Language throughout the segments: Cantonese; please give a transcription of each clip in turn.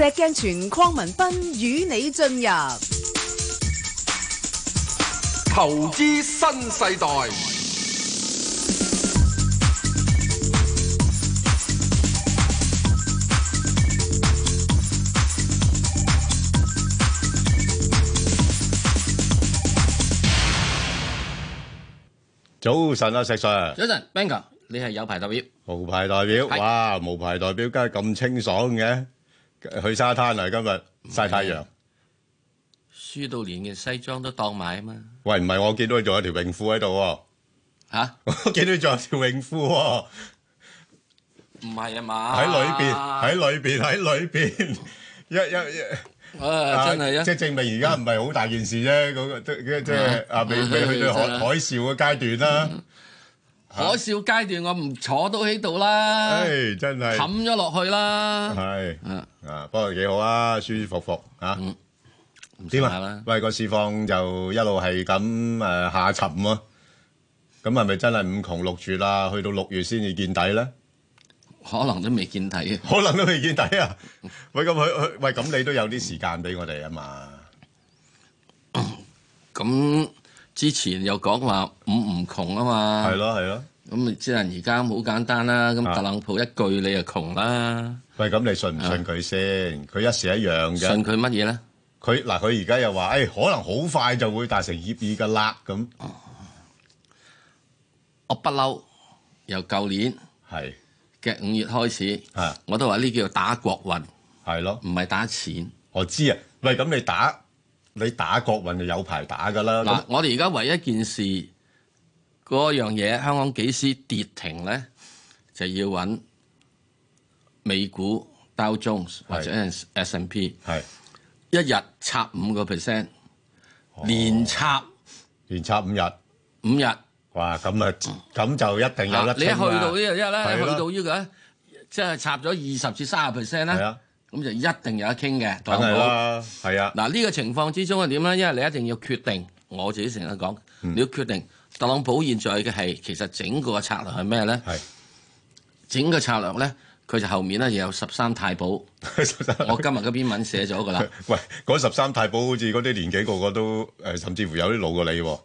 石鏡泉鄺文斌與你進入投資新世代。早晨啊，石 Sir！早晨，Bengal，你係有牌代表？無牌代表？哇，無牌代表，梗係咁清爽嘅？去沙灘啊！今日曬太陽，輸到連件西裝都當埋啊嘛！喂，唔係我見到佢仲有條泳褲喺度喎，吓！我見到仲有條泳褲喎，唔係啊嘛！喺裏邊，喺裏邊，喺裏邊，一一一，啊！真係啊！即係證明而家唔係好大件事啫，嗰個即係即係啊，未未去到海海嘯嘅階段啦。可笑階段，我唔坐到喺度啦，唉，真係冚咗落去啦。係，啊，不過幾好啊，舒舒服服啊。點啊？喂，個市況就一路係咁誒下沉喎。咁係咪真係五窮六絕啊？去到六月先至見底咧？可能都未見底，可能都未見底啊！喂，咁佢，喂，咁你都有啲時間俾我哋啊嘛？咁。之前又講話五唔窮啊嘛，係咯係咯，咁你即係而家好簡單啦，咁特朗普一句你就窮啦。喂，咁你信唔信佢先？佢的一時一樣嘅。信佢乜嘢咧？佢嗱佢而家又話，誒、欸、可能好快就會達成協議㗎喇咁。我不嬲，由舊年係嘅五月開始，的我都話呢叫打國運，係咯的，唔係打錢。我知啊，喂，咁你打？你打國運就有排打㗎啦！嗱，我哋而家唯一一件事，嗰樣嘢香港幾時跌停咧，就要揾美股道瓊斯或者 S&P，一日插五個 percent，連插，連插五日，五日，哇！咁啊，咁就一定有得清啦！你去到呢個一日咧，去到呢個，即係插咗二十至卅 percent 咧。咁就一定有得傾嘅，特朗普係啊。嗱、這、呢個情況之中係點咧？因為你一定要決定，我自己成日講，嗯、你要決定。特朗普現在嘅係其實整個策略係咩咧？係是整個策略咧，佢就後面咧又有十三太保。十三，我今日嘅篇文寫咗㗎啦。 喂，嗰十三太保好似嗰啲年紀個個都誒，甚至乎有啲老過你喎。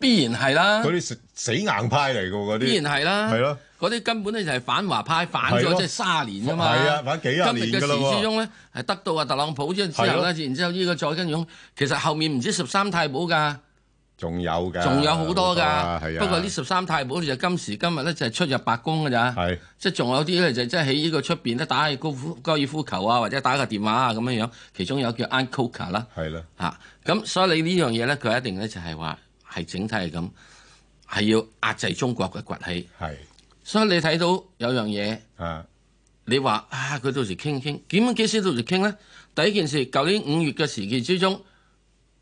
必然係啦！嗰啲死硬派嚟嘅嗰啲必然係啦，係咯。嗰啲根本咧就係反華派，反咗即係三十年啊嘛。係啊，反幾廿年嘅啦。今日嘅時之中咧，係得到啊特朗普之後咧，然之後呢個再跟住，其實後面唔止十三太保㗎，仲有㗎，仲有好多㗎。不過呢十三太保就今時今日咧就係出入白宮㗎咋。係。即係仲有啲咧就即係喺呢個出邊咧打下高高爾夫球啊，或者打下電話啊咁樣樣。其中有叫 Uncoker 啦。係啦。嚇！咁所以你呢樣嘢咧，佢一定咧就係話。係整體係咁，係要壓制中國嘅崛起。係，所以你睇到有樣嘢，你話啊，佢到時傾唔傾？點樣幾時到時傾咧？第一件事，舊年五月嘅時期之中，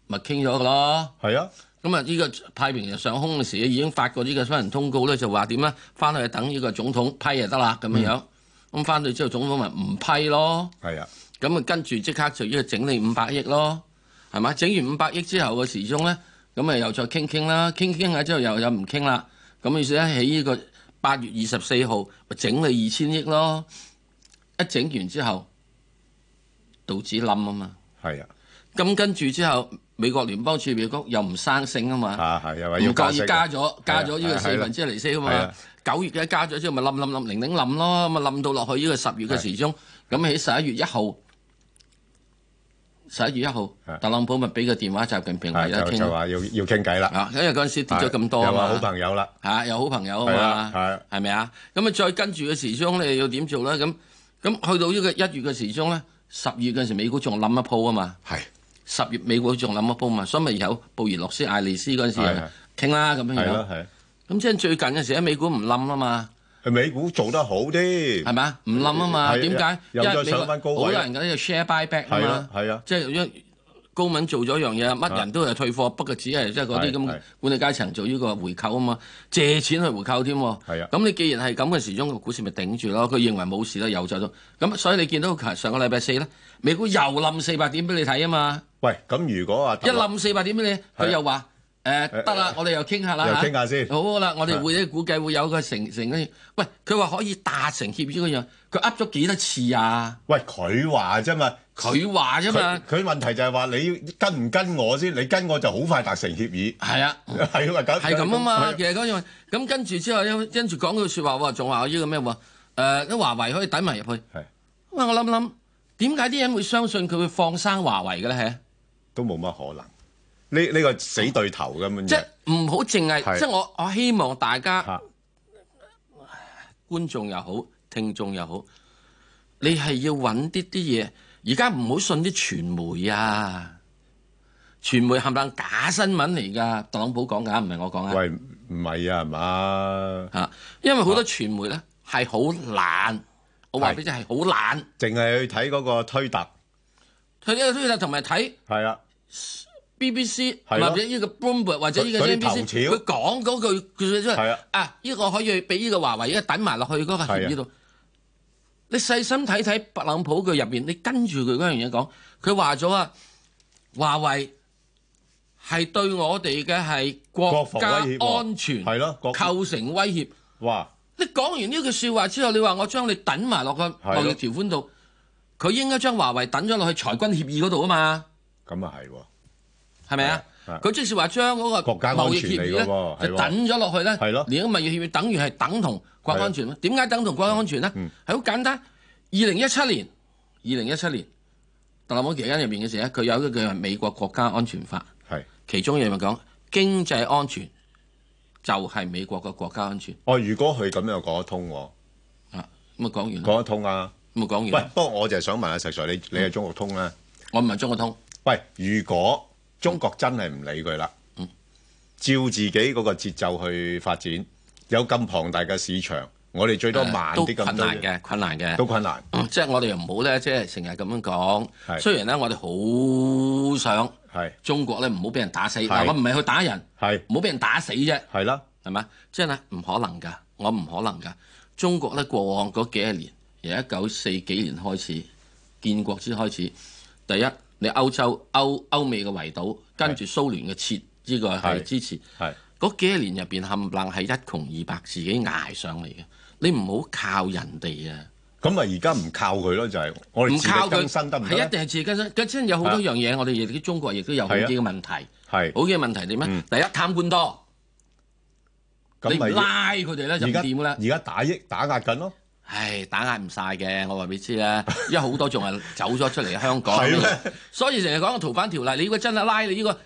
咪傾咗㗎咯。係啊，咁啊，呢個派明日上空嘅時候，已經發過呢個商人通告咧，就話點咧？翻去等呢個總統批就得啦，咁樣樣。咁翻、嗯、到之後，總統咪唔批咯。係啊，咁啊跟住即刻就要整你五百億咯，係嘛？整完五百億之後嘅時鐘咧？咁咪又再傾傾啦，傾傾下之後又又唔傾啦。咁意思咧，喺呢個八月二十四號咪整你二千億咯。一整完之後，導致冧啊嘛。係啊。咁跟住之後，美國聯邦儲備局又唔生性啊嘛。啊又話、啊、要加息故意加咗加咗呢個四分之利息啊，啊，啊嘛。九月嘅加咗之後倒倒倒，咪冧冧冧零零冧咯。咁啊冧到落去呢個十月嘅時鐘。咁喺十一月一號。十一月一號，是的 特朗普咪俾個電話習近平，而家傾就話要要傾偈啦。因為嗰陣時跌咗咁多，有話好朋友啦吓、啊，又好朋友啊嘛，係咪啊？咁咪再跟住嘅時鐘，你又點做咧？咁咁去到個呢個一月嘅時鐘咧，十月嗰陣時美股仲冧一鋪啊嘛，係十的月美股仲冧一鋪嘛，所以咪有布宜諾斯艾利斯嗰陣時傾啦咁樣。係咯係。咁即係最近嘅時，咧美股唔冧啊嘛。係美股做得好啲，係嘛？唔冧啊嘛，點解？又再上翻高位，因為你好多人嗰啲 share buy back 嘛，係啊，即係一高敏做咗一樣嘢，乜人都係退貨，的不過只係即係嗰啲咁管理階層做呢個回購啊嘛，借錢去回購添，係啊的，咁你既然係咁嘅時鐘，個股市咪頂住咯，佢認為冇事啦，又就咗，咁所以你見到上個禮拜四咧，美股又冧四百點俾你睇啊嘛，喂，咁如果話、啊、一冧四百點俾你，佢的又話。誒得啦，我哋又傾下啦，又傾下先。好啦，我哋會估計會有個成成嗰樣。喂，佢話可以達成協議嗰樣，佢噏咗幾多次啊？喂，佢話啫嘛，佢話啫嘛。佢問題就係話你跟唔跟我先，你跟我就好快達成協議。係啊，係咁啊嘛。其實嗰樣咁跟住之後，跟住講句説話仲話要個咩喎？誒，啲華為可以抵埋入去。喂，我諗諗，點解啲人會相信佢會放生華為嘅咧？都冇乜可能。呢呢個死對頭咁樣，啊、即係唔好淨係即係我我希望大家，啊、觀眾又好，聽眾又好，你係要揾啲啲嘢，而家唔好信啲傳媒啊，傳媒冚唪唥假新聞嚟㗎。特朗普講㗎唔係我講啊，喂唔係啊，係嘛嚇？因為好多傳媒咧係好懶，懶是我話俾你知係好懶，淨係去睇嗰個推特，睇個推特同埋睇係啊。的 B B C 或者呢個 Bloomberg 或者呢個 N B C，佢頭條佢講嗰句，佢即係啊，呢個可以俾呢個華為而家等埋落去嗰個協議度。你細心睇睇特朗普佢入邊，你跟住佢嗰樣嘢講，佢話咗啊，華為係對我哋嘅係國家安全係咯，構成威脅。哇！你講完呢句説話之後，你話我將你等埋落去，貿易條款度，佢應該將華為等咗落去裁軍協議嗰度啊嘛。咁啊係喎。係咪啊？佢即是話將嗰個國家貿易協議咧，就等咗落去咧。係咯，連個貿易協議等於係等同國家安全咩？點解等同國家安全咧？係好簡單。二零一七年，二零一七年特朗普期間入邊嘅時候，佢有一個叫美國國家安全法，係其中嘢咪講經濟安全就係美國嘅國家安全。哦，如果佢咁樣講得通喎。啊，咁啊講完。講得通啊！咁啊講完。喂，不過我就係想問阿石 Sir，你你係中國通咧？我唔係中國通。喂，如果？中國真係唔理佢啦，嗯、照自己嗰個節奏去發展，有咁龐大嘅市場，我哋最多慢啲咁難嘅，困難嘅，都困難。即係我哋又唔好呢，即係成日咁樣講。是雖然呢，我哋好想，中國呢唔好俾人打死。是但我唔係去打人，係唔好俾人打死啫。係啦的，係咪，即係呢，唔可能噶，我唔可能噶。中國呢，過往嗰幾廿年，由一九四幾年開始，建國先開始，第一。你歐洲、歐歐美嘅圍堵，跟住蘇聯嘅撤，呢個係支持。係嗰幾年入邊冚唪唥係一窮二白，自己捱上嚟嘅。你唔好靠人哋啊！咁咪而家唔靠佢咯，就係我哋唔靠佢，係一定係自己更新。有好多樣嘢，我哋亦啲中國亦都有好幾個問題。係好幾個問題點咩？第一，貪官多，你唔拉佢哋咧就點咧？而家打壓打壓緊咯。唉，打壓唔晒嘅，我話俾你知啦。因為好多仲係走咗出嚟香港，所以成日講逃犯條例。你如果真係拉你呢個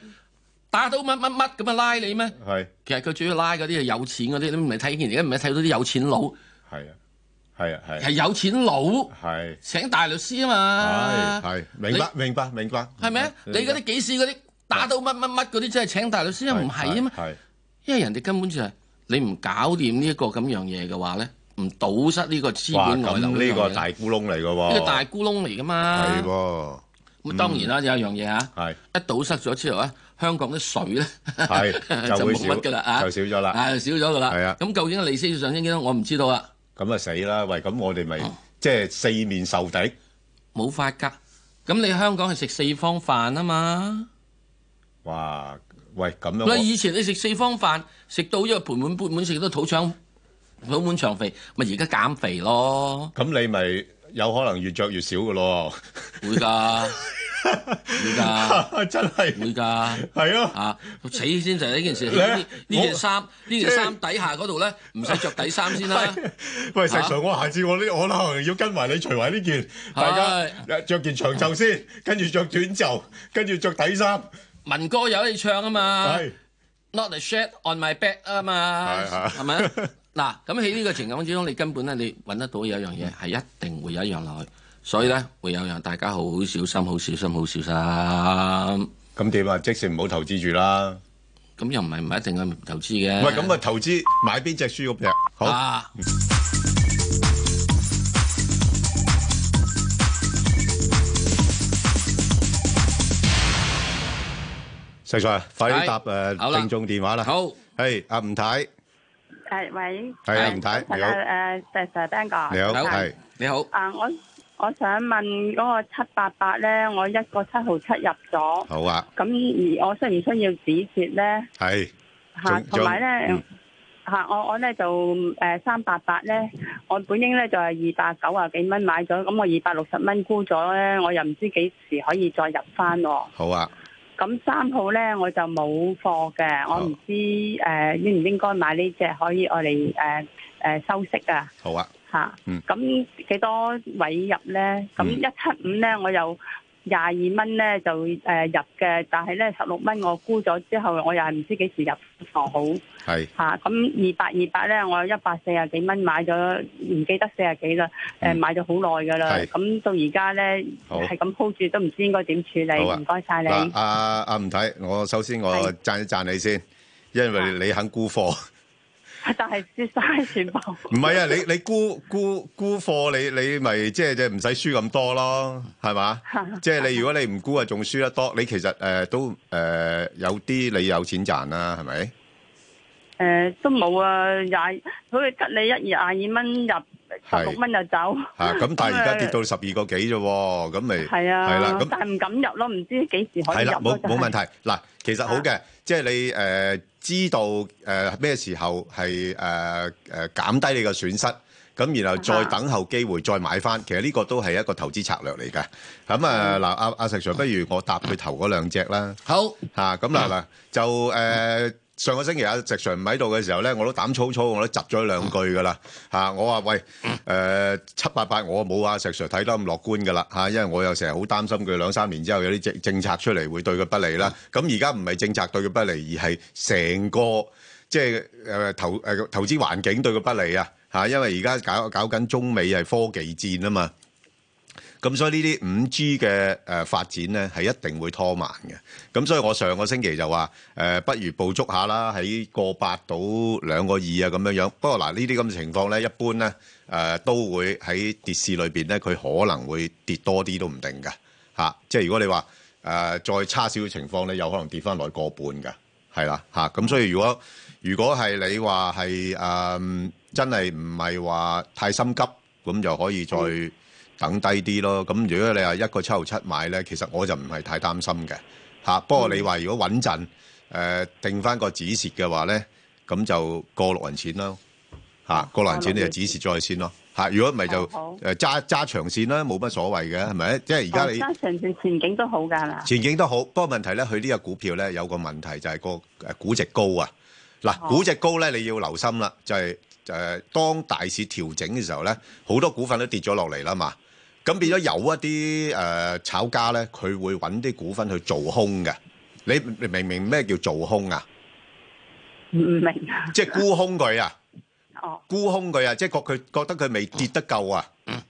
打到乜乜乜咁啊，拉你咩？係。其實佢主要拉嗰啲係有錢嗰啲，你唔係睇見而家唔係睇到啲有錢佬。係啊，係啊，係。係有錢佬。係。請大律師啊嘛。係。明白，明白，明白。係咪？你嗰啲幾時嗰啲打到乜乜乜嗰啲，真係請大律師唔係啊嘛？係。因為人哋根本就係你唔搞掂呢一個咁樣嘢嘅話咧。唔堵塞呢個資本外流呢個大咕窿嚟嘅喎，呢個大咕窿嚟噶嘛？係咁當然啦，有一樣嘢啊。係一堵塞咗之後啊，香港啲水咧就冇乜嘅啦啊，就少咗啦，少咗噶啦。係啊。咁究竟利息要上升幾多？我唔知道啊。咁啊死啦！喂，咁我哋咪即係四面受敵，冇法噶。咁你香港係食四方飯啊嘛。哇！喂，咁樣。以前你食四方飯，食到一個盆滿缽滿，食到土腸好滿腸肥，咪而家減肥咯。咁你咪有可能越著越少㗎咯。會㗎，會㗎，真係會㗎。係啊，嚇，起先就係呢件事。呢件衫，呢件衫底下嗰度咧，唔使著底衫先啦。喂，成才，我下次我啲我啦，要跟埋你除埋呢件，大家著件長袖先，跟住著短袖，跟住著底衫。民歌有你唱啊嘛，Not a shirt on my back 啊嘛，係咪啊？嗱，咁喺呢個情況之中，你根本咧，你揾得到有一樣嘢，係一定會有一樣落去，所以咧會有樣大家好小心，好小心，好小心。咁點啊？即時唔好投資住啦。咁又唔係唔一定係投資嘅。唔係咁啊，投資買邊隻書屋劈？好。石 Sir，快啲答誒聽眾電話啦。好。係阿吳太。係，喂，係吳是是太，太，你好，誒、啊，誒，謝 Sir，你好，係是，你好，啊，我我想問嗰個七八八咧，我一個七號七入咗，好啊，咁而我需唔需要止蝕咧？係是，吓、啊，同埋咧，吓、嗯啊，我我咧就誒三八八咧，我本應咧就係二百九啊幾蚊買咗，咁我二百六十蚊沽咗咧，我又唔知幾時可以再入翻喎。好啊。咁三號咧我就冇貨嘅，我唔知誒、oh. 呃、應唔應該買呢隻可以我哋誒誒收息啊。好啊，吓、啊，咁、嗯、幾多位入咧？咁一、嗯、七五咧我又。廿二蚊咧就誒、呃、入嘅，但係咧十六蚊我沽咗之後，我又係唔知幾時入好。係吓咁二百二百咧，我一百四廿幾蚊買咗，唔記得四十幾啦。誒、嗯，買咗是、嗯、好耐噶啦，咁到而家咧係咁鋪住都唔知應該點處理。唔該晒你。阿阿吳太，我首先我讚一讚你先，是因為你肯沽貨。但係蝕晒，全部。唔係啊，你你沽沽沽貨，你你咪即係即係唔使輸咁多咯，係嘛？即係你如果你唔沽啊，仲輸得多。你其實誒都誒有啲你有錢賺啦，係咪？誒，都冇啊廿，好似吉你一二廿二蚊入，十六蚊就走。吓咁，但係而家跌到十二個幾啫，咁咪係啊？係啦，咁但係唔敢入咯，唔知幾時可以入咯真係。係啦，冇冇問題。嗱，其實好嘅。即係你誒、呃、知道誒咩、呃、時候係誒誒減低你個損失，咁然後再等候機會再買翻，其實呢個都係一個投資策略嚟嘅。咁、嗯呃嗯、啊嗱，阿、啊、阿石 Sir，不如我搭佢頭嗰兩隻啦。好嚇、嗯，咁嗱嗱就誒。呃上個星期阿石 Sir 唔喺度嘅時候咧，我都膽粗粗，我都窒咗兩句㗎喇吓，我話喂誒、呃、七八八我冇阿石 Sir 睇得咁樂觀㗎喇吓，因為我又成日好擔心佢兩三年之後有啲政政策出嚟會對佢不利啦。咁而家唔係政策對佢不利，而係成個即係誒投誒投資環境對佢不利呀吓，因為而家搞搞緊中美係科技戰吖嘛。咁所以呢啲五 G 嘅誒發展咧，係一定會拖慢嘅。咁所以我上個星期就話誒、呃，不如捕捉下啦，喺過百到兩個二啊咁樣樣。不過嗱，呢啲咁嘅情況咧，一般咧誒、呃、都會喺跌市裏邊咧，佢可能會跌多啲都唔定㗎吓、啊。即係如果你話誒、呃、再差少少情況咧，有可能跌返嚟過半㗎，係啦吓。咁、啊、所以如果如果係你話係誒真係唔係話太心急，咁就可以再。嗯等低啲咯，咁如果你話一個七毫七買咧，其實我就唔係太擔心嘅嚇、啊。不過你話如果穩陣，誒、呃、定翻個止蝕嘅話咧，咁就過六元錢咯嚇，過六元錢你就止蝕再先咯嚇。如果唔係就誒揸揸長線啦，冇乜所謂嘅係咪？即係而家你揸、哦、長線前景都好㗎啦，前景都好。不過問題咧，佢呢個股票咧有個問題就係個估、啊、值高啊。嗱、啊，好估值高咧你要留心啦，就係、是、誒、呃、當大市調整嘅時候咧，好多股份都跌咗落嚟啦嘛。咁變咗有一啲誒炒家咧，佢會揾啲股份去做空嘅。你明唔明咩叫做空啊？唔明啊！即係沽空佢啊！哦，沽空佢啊！即係覺佢覺得佢未跌得夠啊！嗯，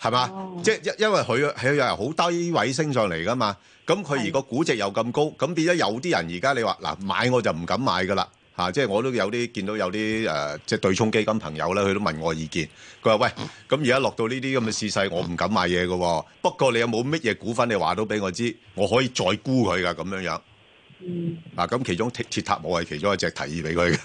係嘛？即係因因為佢佢又係好低位升上嚟噶嘛。咁佢而個估值又咁高，咁變咗有啲人而家你話，嗱，買我就唔敢買噶啦。啊！即係我都有啲見到有啲誒，即係對沖基金朋友咧，佢都問我意見。佢話：喂，咁而家落到呢啲咁嘅市勢，我唔敢買嘢嘅。不過你有冇乜嘢股份？你話都俾我知，我可以再沽佢㗎咁樣樣。嗱，咁其中鐵塔我係其中一隻提議俾佢嘅。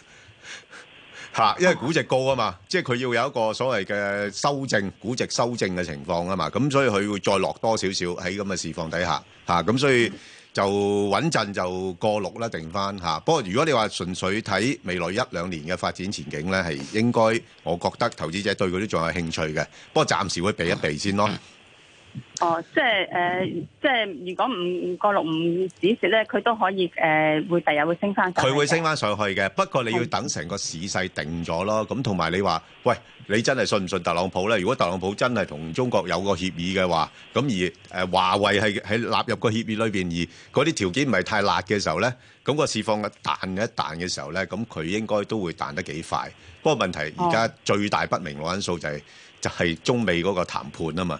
吓，因為估值高啊嘛，即係佢要有一個所謂嘅修正，估值修正嘅情況啊嘛。咁所以佢會再落多少少喺咁嘅市況底下吓。咁所以。就穩陣就過六啦，定翻吓。不過如果你話純粹睇未來一兩年嘅發展前景呢係應該，我覺得投資者對嗰啲仲有興趣嘅。不過暫時會避一避先咯。哦，即係誒、呃，即係如果五個六五止蝕咧，佢都可以誒、呃，會第日會升翻。佢會升翻上去嘅，不過你要等成個市勢定咗咯。咁同埋你話喂，你真係信唔信特朗普咧？如果特朗普真係同中國有個協議嘅話，咁而誒華、呃、為係喺納入個協議裏邊，而嗰啲條件唔係太辣嘅時候咧，咁、那個市況一彈一彈嘅時候咧，咁佢應該都會彈得幾快。不過問題而家最大不明朗因素就係、是、就係、是、中美嗰個談判啊嘛。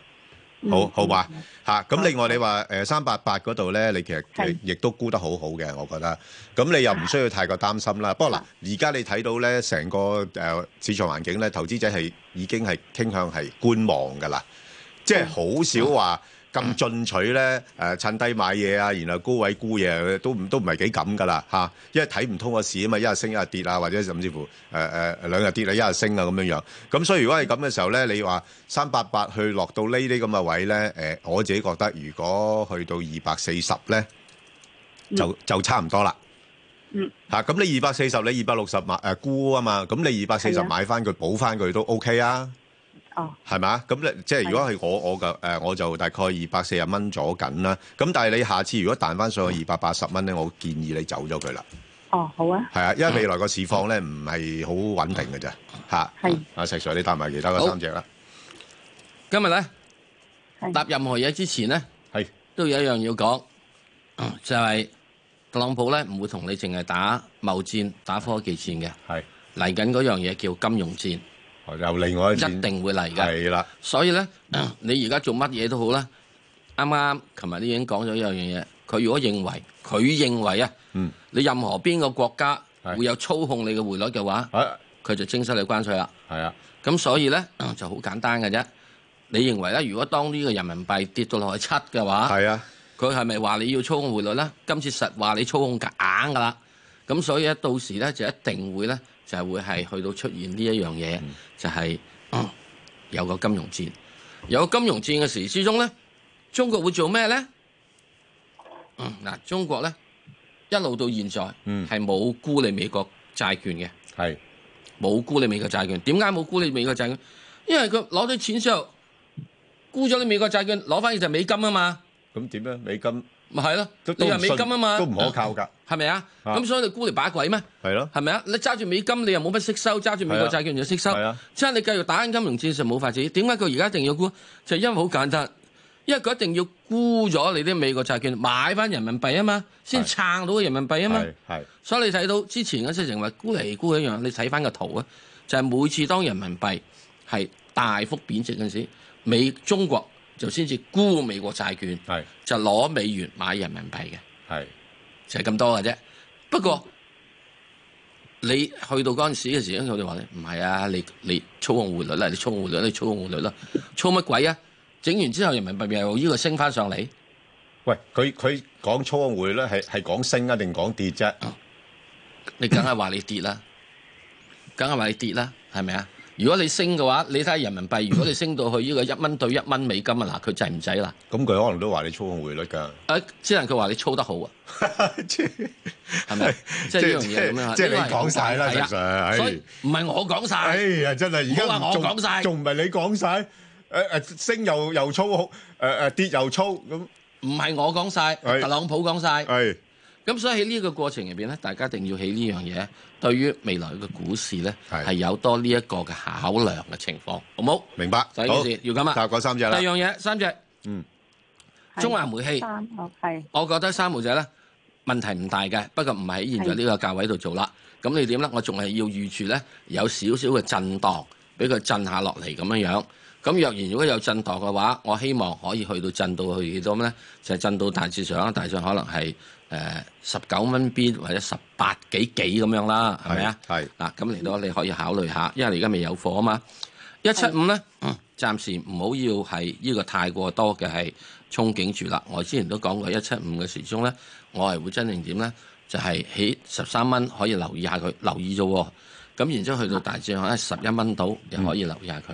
好好嘛嚇！咁、嗯啊、另外你話誒三八八嗰度咧，你其實亦是都沽得好好嘅，我覺得。咁你又唔需要太過擔心啦。的不過嗱，而家你睇到咧，成個誒、呃、市場環境咧，投資者係已經係傾向係觀望㗎啦，即係好少話。的咁進取咧，誒、呃、趁低買嘢啊，然後高位沽嘢，都唔都唔係幾咁噶啦嚇，因為睇唔通個市啊嘛，一日升一日跌啊，或者甚至乎誒誒、呃、兩日跌啊，一日升啊咁樣樣。咁所以如果係咁嘅時候咧，你話三八八去落到這這呢啲咁嘅位咧，誒、呃、我自己覺得如果去到二百四十咧，就就差唔多啦。嗯。嚇、啊，咁你二百四十，你二百六十買誒沽啊嘛，咁、呃、你二百四十買翻佢的補翻佢都 OK 啊。哦，係嘛？咁咧，即係的如果係我我嘅，誒，我就大概二百四十蚊左緊啦。咁但係你下次如果彈翻上去二百八十蚊咧，我建議你走咗佢啦。哦，好啊。係啊，因為未來個市況咧唔係好穩定嘅咋，吓的。係的。阿石 Sir，你搭埋其他嗰三隻啦。今日咧，搭的任何嘢之前咧，係的都有一樣要講，就係特朗普咧唔會同你淨係打貿易戰、打科技戰嘅，係嚟緊嗰樣嘢叫金融戰。由另外一，一定會嚟噶，係啦的。所以咧，你而家做乜嘢都好啦。啱啱琴日你已經講咗一樣嘢，佢如果認為佢認為啊，嗯，你任何邊個國家會有操控你嘅匯率嘅話，佢的就徵收你關稅啦。係啊的，咁所以咧就好簡單嘅啫。你認為咧，如果當呢個人民幣跌到落去七嘅話，係啊的，佢係咪話你要操控匯率咧？今次實話你操控硬噶啦。咁所以咧，到時咧就一定會咧。就係會係去到出現呢一樣嘢，嗯、就係、是嗯、有個金融戰，有個金融戰嘅時之中呢，中國會做咩呢？嗱、嗯啊，中國呢一路到現在，係冇、嗯、沽你美國債券嘅，係冇是沽你美國債券。點解冇沽你美國債券？因為佢攞咗錢之後沽咗你美國債券，攞翻嚟就美金啊嘛。咁點樣？美金？咪係咯，你話美金啊嘛，都唔可靠噶，係咪啊？咁、啊啊、所以你沽嚟把鬼咩？係咯、啊，係咪啊？你揸住美金，你又冇乜息收，揸住美國債券又息收，啊啊、即係你繼續打緊金融戰術冇法子。點解佢而家一定要沽？就係、因為好簡單，因為佢一定要沽咗你啲美國債券，買翻人民幣啊嘛，先撐到個人民幣啊嘛。係是，所以你睇到之前嗰些成物沽嚟沽一樣，你睇翻個圖啊，就係、是、每次當人民幣係大幅貶值嗰時，美中國。就先至沽美國債券，是就攞美元買人民幣嘅，是就係咁多嘅啫。不過你去到嗰陣時嘅時候，我就話你，唔係啊，你你操控匯率啦，你操控匯率，你操控匯率啦，操乜鬼啊？整完之後人民幣咪又依個升翻上嚟。喂，佢佢講操控匯率係係講升啊定講跌啫啊？哦，你梗係話你跌啦，梗係話你跌啦，係咪啊？如果你升嘅話，你睇下人民幣，如果你升到去呢個一蚊兌一蚊美金啊，嗱，佢制唔制啦？咁佢可能都話你操控匯率㗎。啊，只能佢話你操得好啊？係咪？即係呢樣嘢咁樣啊？即係你講曬啦，其實。所以唔係我講曬。哎呀，真係！而家話我講曬，仲唔係你講曬？誒誒，升又又操控，誒誒，跌又操咁。唔係我講曬，特朗普講曬。係。咁所以喺呢個過程入邊咧，大家一定要起呢樣嘢對於未來嘅股市咧係是有多呢一個嘅考量嘅情況，好冇？明白，先好，要咁啊。再講三隻啦。第二樣嘢，三隻，嗯，中華煤氣。三，我我覺得三毛仔咧問題唔大嘅，不過唔係喺現在呢個價位度做啦。咁是你點咧？我仲係要預住咧有少少嘅震盪，俾佢震下落嚟咁樣樣。咁若然如果有震盪嘅話，我希望可以去到震到去幾多咧？就係、震到大致上，啦，大致上可能係。誒十九蚊 B 或者十八幾幾咁樣啦，係咪啊？係嗱，咁嚟到你可以考慮下，因為你而家未有貨啊嘛。一七五咧，是暫時唔好要係呢個太過多嘅係憧憬住啦。我之前都講過一七五嘅時鐘咧，我係會真正點咧，就係、是、起十三蚊可以留意下佢，留意咗。咁然之後去到大漲，咧十一蚊到又可以留意下佢。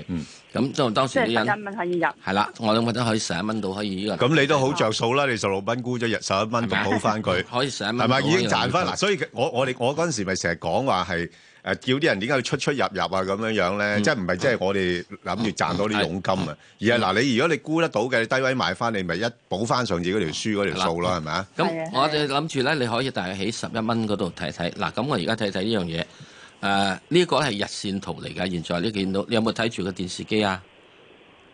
咁即係當時啲人十一蚊可以入係啦。我諗覺得可以十一蚊到可以。咁你都好着數啦。你十六蚊沽咗入十一蚊，咁補翻佢，可以十一蚊，係咪已經賺翻啦？所以，我我哋我嗰陣時咪成日講話係誒，叫啲人點解要出出入入啊咁樣樣咧？即係唔係即係我哋諗住賺多啲佣金啊？而係嗱，你如果你沽得到嘅低位買翻，你咪一補翻上自己條書嗰條數咯，係咪啊？咁我哋諗住咧，你可以大約喺十一蚊嗰度睇睇。嗱，咁我而家睇睇呢樣嘢。誒呢、啊這個係日線圖嚟㗎，現在你見到你有冇睇住個電視機啊？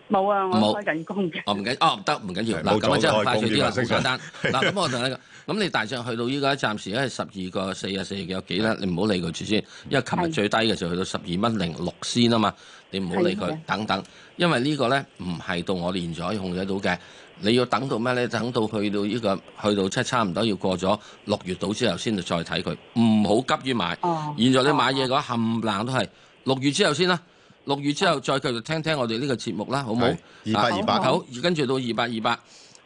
冇啊，我冇有。開緊工嘅。哦唔緊哦，得唔緊要嗱，咁啊即係快住啲啦，好驗簡單嗱。咁 我就呢講，咁你大上去到依、這、家、個，暫時咧係十二個四啊四嘅有幾啦？ 你唔好理佢住先，因為琴日最低嘅就去到十二蚊零六仙啊嘛。你唔好理佢的等等，因為個呢個咧唔係到我現在可以控制到嘅。你要等到咩呢？等到去到呢、這個，去到差唔多要過咗六月度之後，先至再睇佢，唔好急於買。哦、啊！現在你買嘢嘅話，冚冷、啊、都係六月之後先啦。六月之後再繼續聽聽我哋呢個節目啦，好唔好？二八二八，好，跟住到二八二八，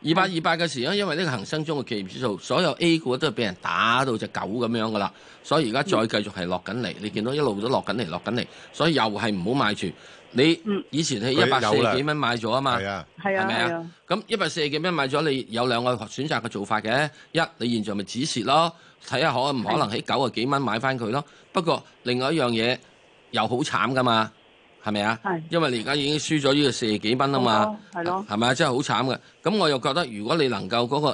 二八二八嘅時候，因為呢個恒生中嘅企業指數，所有 A 股都係俾人打到隻狗咁樣嘅啦。所以而家再繼續係落緊嚟，嗯、你見到一路都落緊嚟，落緊嚟，所以又係唔好買住。你以前係一百四十幾蚊買咗啊嘛，係、嗯、係咪啊？係啊，係啊。咁一百四十幾蚊買咗，你有兩個選擇嘅做法嘅。一，你現在咪止蝕咯，睇下可唔可能喺九十幾蚊買翻佢咯。係不過另外一樣嘢又好慘噶嘛，係咪啊？係的。因為你而家已經輸咗呢個四十幾蚊啊嘛，係咯。係咪啊？真係好慘嘅。咁我又覺得，如果你能夠嗰個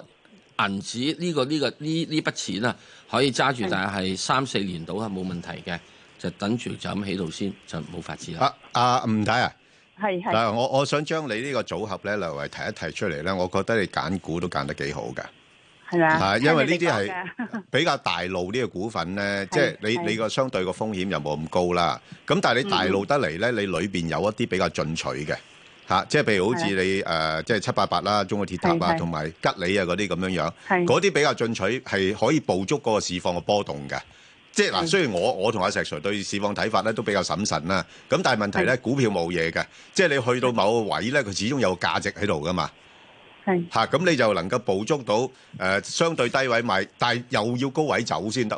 銀紙呢、呢個呢、呢個呢呢筆錢啊，可以揸住，係但係三四年到係冇問題嘅。就等住就咁喺度先，就冇法子啦。阿阿吳太啊，係係嗱，太太啊、我我想將你呢個組合咧，嚟為提一提出嚟咧。我覺得你揀股都揀得幾好噶，係的啊，因為呢啲係比較大路呢個股份咧，即係的你的你個相對個風險又冇咁高啦。咁但係你大路得嚟咧，嗯、你裏邊有一啲比較進取嘅嚇、啊，即係譬如好似你誒的、呃、即係七八八啦、啊、中國鐵塔啊，同埋的吉利啊嗰啲咁樣樣，嗰啲的比較進取，係可以捕捉嗰個市況嘅波動嘅。即係嗱，雖然我我同阿石 Sir 對市況睇法咧都比較審慎啦，咁但係問題咧，股票冇嘢嘅，即係你去到某個位咧，佢始終有價值喺度噶嘛。係。嚇，咁你就能夠捕捉到誒相對低位買，但係又要高位走先得，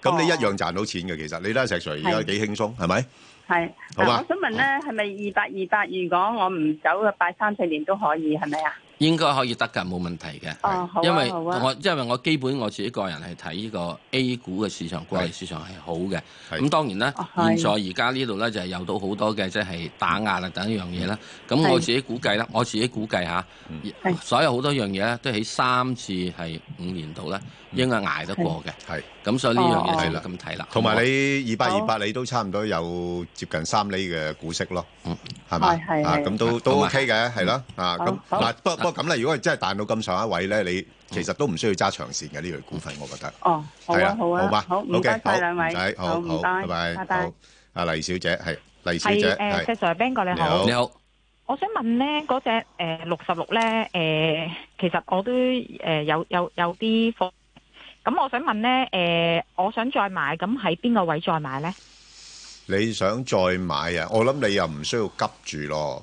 咁你一樣賺到錢嘅其實。你睇下石 Sir 而家幾輕鬆係咪？係。嗱，我想問咧，係咪二百二百？如果我唔走嘅八三四年都可以係咪啊？應該可以得㗎，冇問題嘅。啊、因為我因為我基本我自己個人係睇呢個 A 股嘅市場、股市場係好嘅。咁是當然啦，是現在而家呢度呢，就係、是、有到好多嘅即係打壓啊等一樣嘢啦。咁、嗯、我自己估計啦，是我自己估計吓、啊，嗯、所有好多樣嘢呢，都喺三次係五年度呢。是嗯嗯應該捱得過嘅，係咁，所以呢樣嘢係啦咁睇啦。同埋你二百二百，你都差唔多有接近三厘嘅股息咯，係咪啊？咁都都 OK 嘅，係咯啊咁。嗱，不過不過咁咧，如果真係彈到咁上一位咧，你其實都唔需要揸長線嘅呢類股份，我覺得。哦，好啊，好啊，好，唔該曬兩位，好唔該，拜拜。好，阿黎小姐係黎小姐係。誒，謝 Sir Ben 過嚟，你好，你好。我想問咧，嗰隻誒六十六咧，誒其實我都誒有有有啲貨。咁我想問咧，誒，我想再買，咁喺邊個位再買咧？你想再買啊？我諗你又唔需要急住咯，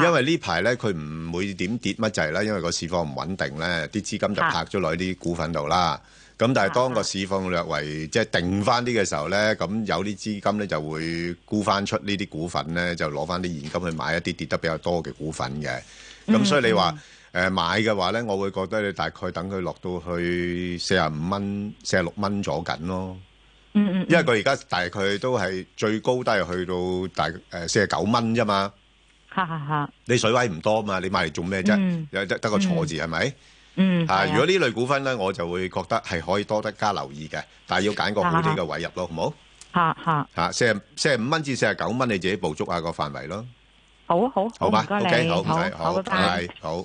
因為呢排咧佢唔會點跌乜滯啦，因為個市況唔穩定咧，啲資金就泊咗落啲股份度啦。咁但係當個市況略為即係定翻啲嘅時候咧，咁有啲資金咧就會沽翻出呢啲股份咧，就攞翻啲現金去買一啲跌得比較多嘅股份嘅。咁所以你話。誒，買嘅話咧，我會覺得你大概等佢落到去四十五蚊、四十六蚊左近咯。嗯嗯，因為佢而家大概都係最高都係去到大誒四十九蚊啫嘛。吓吓吓！你水位唔多嘛？你買嚟做咩啫？有得得個錯字係咪？嗯。吓，如果呢類股份咧，我就會覺得係可以多得加留意嘅，但係要揀個好啲嘅位入咯，好唔好？吓吓吓！四十四十五蚊至四十九蚊，你自己捕捉下個範圍咯。好啊，好。好嘛，OK，好唔使，好拜拜，好。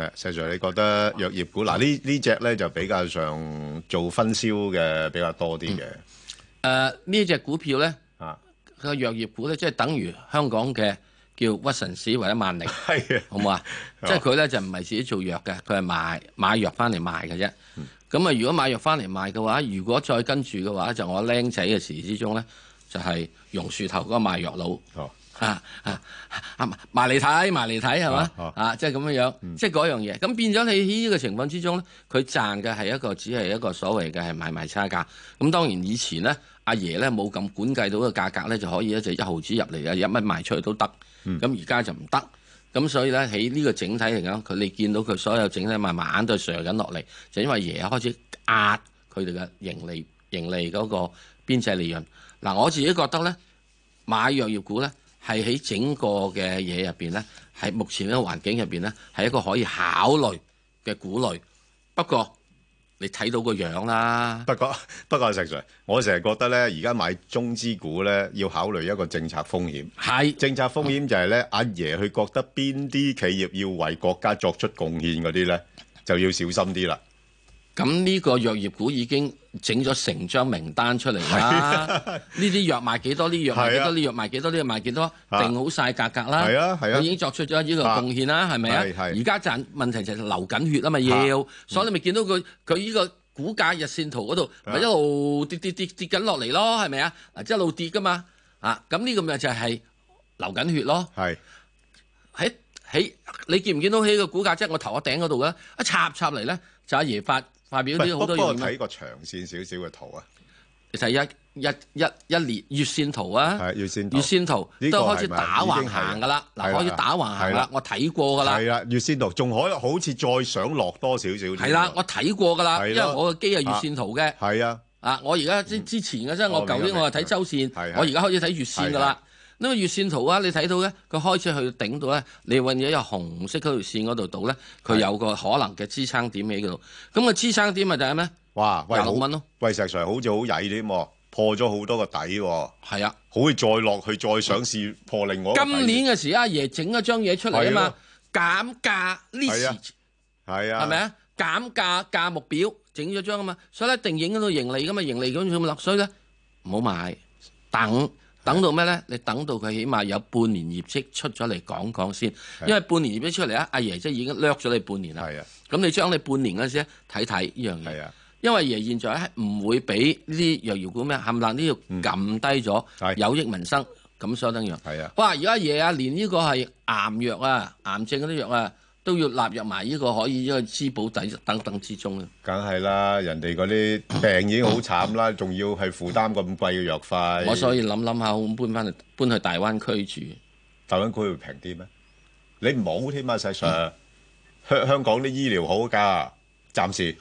誒，石 Sir，你覺得藥業股，嗱呢呢隻咧就比較上做分銷嘅比較多啲嘅。誒、啊，呢隻、啊、股票咧，啊，個藥業股咧，即、就、係、是、等於香港嘅叫屈臣氏或者萬寧，係的好唔好啊？ 即係佢咧就唔係自己做藥嘅，佢係買買藥翻嚟賣嘅啫。咁啊、嗯，如果買藥翻嚟賣嘅話，如果再跟住嘅話，就我僆仔嘅時之中咧，就係、是、榕樹頭嗰個賣藥佬。啊啊啊 啊！埋嚟睇，埋嚟睇，係嘛啊？即係咁樣樣，啊、即係嗰樣嘢咁變咗。你喺呢個情況之中咧，佢賺嘅係一個只係一個所謂嘅係賣賣差價咁。當然以前咧，阿爺咧冇咁管計到個價格咧，就可以一隻一毫子入嚟啊，一蚊賣出去都得。咁而家就唔得咁，所以咧喺呢個整體嚟講，佢你見到佢所有整體慢慢都係上緊落嚟，就是、因為爺，爺開始壓佢哋嘅盈利盈利嗰個邊際利潤嗱、啊。我自己覺得咧，買藥業股咧。係喺整個嘅嘢入邊呢，喺目前呢個環境入邊呢，係一個可以考慮嘅股類。不過你睇到個樣啦。不過不過，石 Sir，我成日覺得呢，而家買中資股呢，要考慮一個政策風險。係是政策風險就係呢，阿爺佢覺得邊啲企業要為國家作出貢獻嗰啲呢，就要小心啲啦。咁呢個藥業股已經整咗成張名單出嚟啦，呢啲藥賣幾多？呢藥賣幾多？呢藥賣幾多？呢藥賣幾多？定好晒價格啦，佢已經作出咗呢個貢獻啦，係咪啊？而家賺問題就係流緊血啊嘛要，所以你咪見到佢佢呢個股價日線圖嗰度咪一路跌跌跌跌緊落嚟咯，係咪啊？啊一路跌㗎嘛，啊咁呢個咪就係流緊血咯。係喺喺你見唔見到喺個股價即係我頭阿頂嗰度嘅一插插嚟咧，就阿葉發。代表啲好多嘢睇個長線少少嘅圖啊，其實一一一一年月線圖啊，月線圖都開始打橫行噶啦，嗱開始打橫行啦，我睇過噶啦，月線圖仲可好似再上落多少少啲。係啦，我睇過噶啦，因為我嘅機係月線圖嘅。係啊，啊我而家之前嘅啫，我舊年我係睇周線，我而家開始睇月線噶啦。呢個月線圖啊，你睇到咧，佢開始去頂到咧，你揾嘢喺紅色嗰條線嗰度倒咧，佢有個可能嘅支撐點喺度。咁個支撐點咪就係咩？哇，六蚊咯！喂，石 Sir，好似好曳啲喎，破咗好多個底喎。係啊，好易再落去，再想試破另外。今年嘅時，阿爺整咗張嘢出嚟啊嘛，啊減價呢啲係啊，係咪啊？減價價目表整咗張啊嘛，所以一定影到盈利噶嘛，盈利咁佢咪落水咧。唔好買，等。是等到咩咧？你等到佢起碼有半年業績出咗嚟講講先，是的 因為半年業績出嚟啊，阿爺即係已經掠咗你半年啦。係啊，咁你將你半年嗰陣時睇睇呢樣嘢。係啊，是的 因為爺，爺現在咧唔會俾呢啲藥業股咩，冚唪唥，呢度撳低咗，有益民生咁相當於。係啊、嗯，哇！而家爺啊，連呢個係癌藥啊，癌症嗰啲藥啊。都要納入埋呢個可以呢個醫保底等等之中啊！梗係啦，人哋嗰啲病已經好慘啦，仲要係負擔咁貴嘅藥費。我所以諗諗下，我搬翻去搬去大灣區住。大灣區會平啲咩？你唔好添啊！世上香、嗯、香港啲醫療好噶，暫時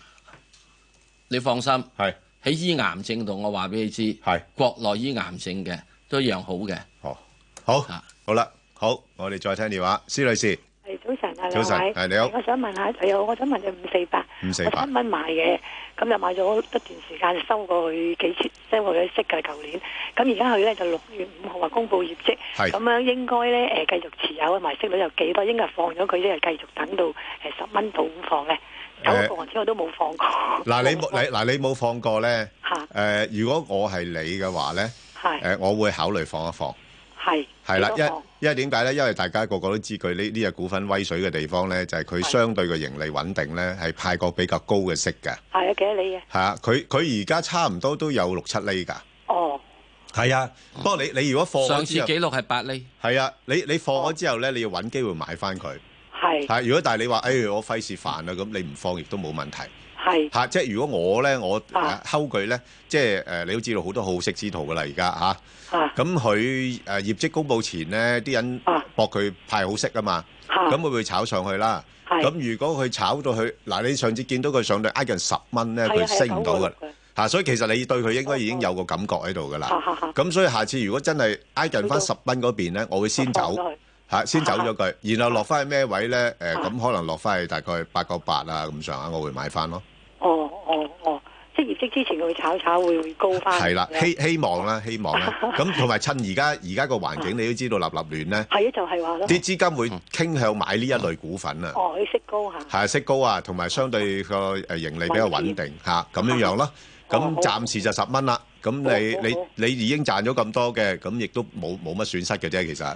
你放心。係喺是醫癌症度，我話俾你知，係是國內醫癌症嘅都一樣好嘅。哦，好啊，好啦，好，我哋再聽電話，施女士。早晨，係你好。我想問下，你好，我想問你五四八，五四八蚊買嘅，咁就買咗一段時間，收過去幾千，即係我嘅息嘅舊年。咁而家佢咧就六月五號話公布業績，咁樣應該咧誒繼續持有啊，埋息率有幾多？應該放咗佢，即係繼續等到誒十蚊到五放嘅。九個我始終都冇放過。嗱，你冇你嗱，你冇放過咧。吓，誒，如果我係你嘅話咧，係，誒，我會考慮放一放。係係啦，一因為點解咧？因為大家個個都知佢呢呢隻股份威水嘅地方咧，就係、是、佢相對嘅盈利穩定咧，係派個比較高嘅息噶。係啊，幾多厘嘅？係啊，佢佢而家差唔多都有六七厘噶。哦，係啊，不過你你如果放咗之後，上次記錄係八厘。係啊，你你放咗之後咧，你要揾機會買翻佢。係、哦。吓，如果但係你話，哎，我費事煩啊，咁你唔放亦都冇問題。係嚇，啊、即係如果我咧，我睺佢咧，即係誒，你都知道好多好息之徒噶啦，而家嚇，咁佢誒業績公佈前咧，啲人搏佢派好息啊嘛，咁會唔會炒上去啦？咁是、啊、如果佢炒到去嗱、啊，你上次見到佢上到挨近十蚊咧，佢升唔到噶，嚇、啊，所以其實你對佢應該已經有個感覺喺度噶啦，咁、啊啊啊、所以下次如果真係挨近翻十蚊嗰邊咧，我會先走，啊。啊啊嚇，先走咗佢，然後落翻去咩位咧？誒，咁可能落翻去大概八個八啊，咁上下，我會買翻咯。哦，哦，哦，即係業績之前，佢會炒炒會高翻。係啦，希希望啦，希望啦。咁同埋趁而家而家個環境，你都知道立立亂咧。係啊，就係話咯。啲資金會傾向買呢一類股份啊。哦，你息高啊。係啊，息高啊，同埋相對個誒盈利比較穩定嚇，咁樣樣咯。咁暫時就十蚊啦。咁你你你已經賺咗咁多嘅，咁亦都冇冇乜損失嘅啫，其實。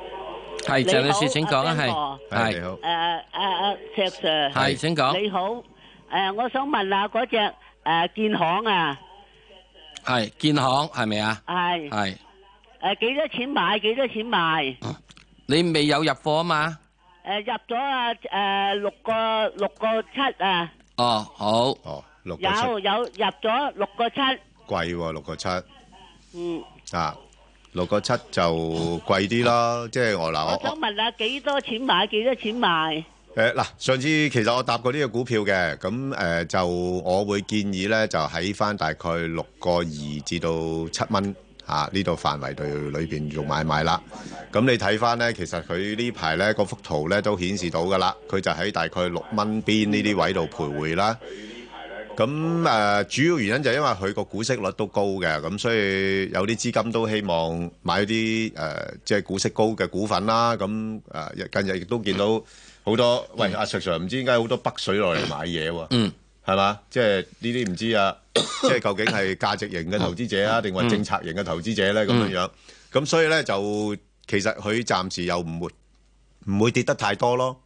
係鄭女士，請講啊。係係，誒誒誒，石 Sir，係，請講。你好，誒，我想問下嗰隻誒建行啊，係建行係咪啊？係係誒，幾多錢買？幾多錢賣？你未有入貨啊嘛？誒，入咗啊，誒六個六個七啊。哦，好，哦六個七。有有入咗六個七。貴喎，六個七。嗯。啊。六個七就貴啲啦，啊、即係我嗱，我想問下幾多錢買，幾多錢賣？誒嗱、啊，上次其實我搭過呢個股票嘅，咁誒、呃、就我會建議咧，就喺翻大概六個二至到七蚊嚇呢度範圍度裏邊做買賣啦。咁你睇翻咧，其實佢呢排咧個幅圖咧都顯示到噶啦，佢就喺大概六蚊邊呢啲位度徘徊啦。咁誒主要原因就係因為佢個股息率都高嘅，咁所以有啲資金都希望買啲誒即係股息高嘅股份啦。咁誒近日亦都見到好多，喂阿 Sir Sir 唔知點解好多北水落嚟買嘢喎？嗯，係嘛？即係呢啲唔知啊，即係究竟係價值型嘅投資者啊，定話政策型嘅投資者咧咁樣樣？咁所以咧就其實佢暫時又唔會唔會跌得太多咯。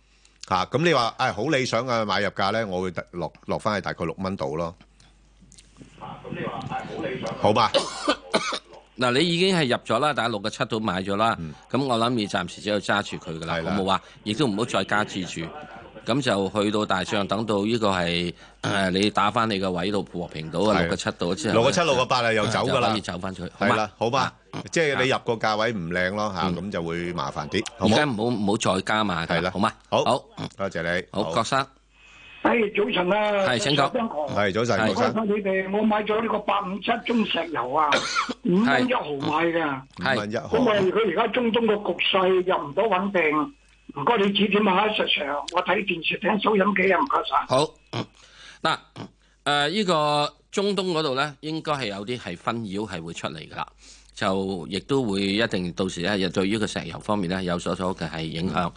吓，咁、啊、你話誒好理想嘅買入價咧，我會落落翻，去大概六蚊度咯。咁你話誒好理想。好吧，嗱，你已經係入咗啦，但係六個七度買咗啦，咁、嗯、我諗你暫時只有揸住佢噶啦，我冇話，亦 吧 都唔好再加注住。 咁就去到大上，等到呢個係誒你打翻你個位度破平到啊，六個七度之後，六個七六個八啊，又走㗎啦，就反而走翻出去，唔係啦，好吧，即係你入個價位唔靚咯嚇，咁就會麻煩啲，而家唔好唔好再加埋，係啦，好嘛，好好，多謝你，好郭生，誒早晨啊，請講，係早晨，郭生，你哋我買咗呢個八五七中石油啊，五蚊一毫買嘅，五蚊一毫，咁啊，因為佢而家中東個局勢入唔到穩定。唔該，你指點下實場，我睇電視睇收音機，又唔該晒，好、嗯、嗱，誒、呃、依、呢個中東嗰度咧，應該係有啲係紛擾係會出嚟噶啦，就亦都會一定到時咧，又對於個石油方面咧，有所所嘅係影響。嗯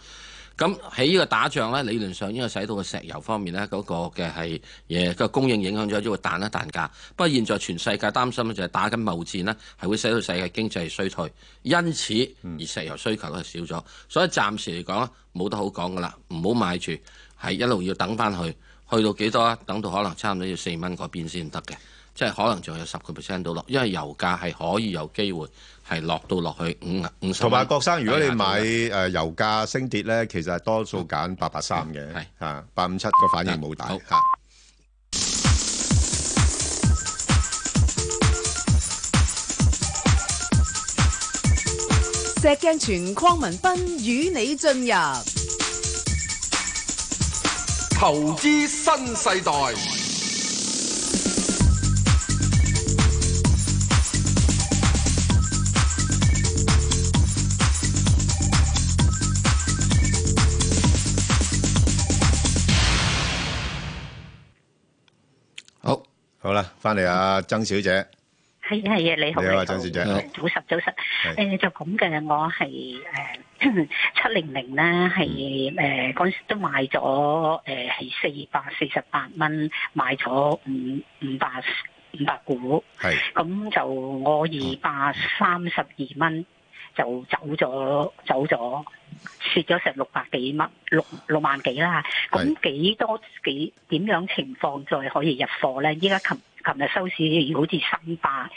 咁喺呢個打仗呢，理論上應該使到個石油方面呢，嗰、那個嘅係嘢個供應影響咗呢個彈一彈價。不過現在全世界擔心呢就係打緊貿戰呢，係會使到世界經濟衰退，因此而石油需求都係少咗。所以暫時嚟講冇得好講噶啦，唔好買住，係一路要等翻去，去到幾多啊？等到可能差唔多要四蚊嗰邊先得嘅，即、就、係、是、可能仲有十個 percent 到咯。因為油價係可以有機會。係落到落去五，同埋郭生，如果你買誒油價升跌咧，其實係多數揀八八三嘅，係吓八五七個反應冇大吓。的石鏡泉鄺文斌與你進入投資新世代。翻嚟啊，曾小姐，係啊係啊， 你好啊，曾好小姐，早晨早晨，誒、 呃、就咁嘅，我係誒、呃、七零零啦，係誒嗰時都賣咗誒係四百四十八蚊，賣咗五五百五百股，係，咁 就我二百三十二蚊就走咗 走咗，蝕咗成六百幾蚊，六六萬幾啦，咁幾多幾點樣情況再可以入貨咧？依家琴。今日收市好似三百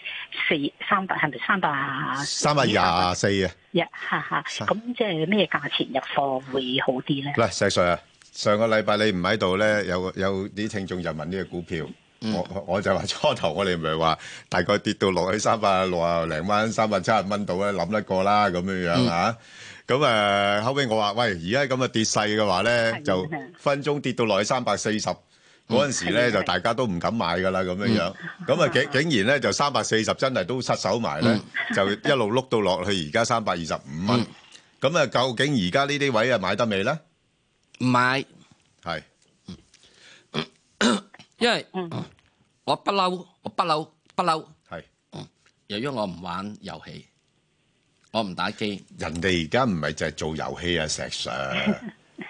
四，三百係咪三百廿？三百廿四啊！一哈哈，咁即係咩價錢入貨會好啲咧？嗱，細 sir 啊，上個禮拜你唔喺度咧，有有啲聽眾就問呢個股票，我我就話初頭我哋唔係話大概跌到落去三百六啊零蚊、三百七十蚊度咧，諗得過啦咁樣樣吓。咁誒後尾我話：，喂，而家咁嘅跌勢嘅話咧，就分鐘跌到落去三百四十。嗰陣時咧就大家都唔敢買㗎啦，咁樣樣，咁啊竟竟然咧就三百四十真係都失手埋咧，就一路碌到落去而家三百二十五蚊。咁啊，究竟而家呢啲位啊買得未咧？唔買。係。因為我不嬲，我不嬲，不嬲。係。由於我唔玩遊戲，我唔打機。人哋而家唔係淨係做遊戲啊，石 Sir。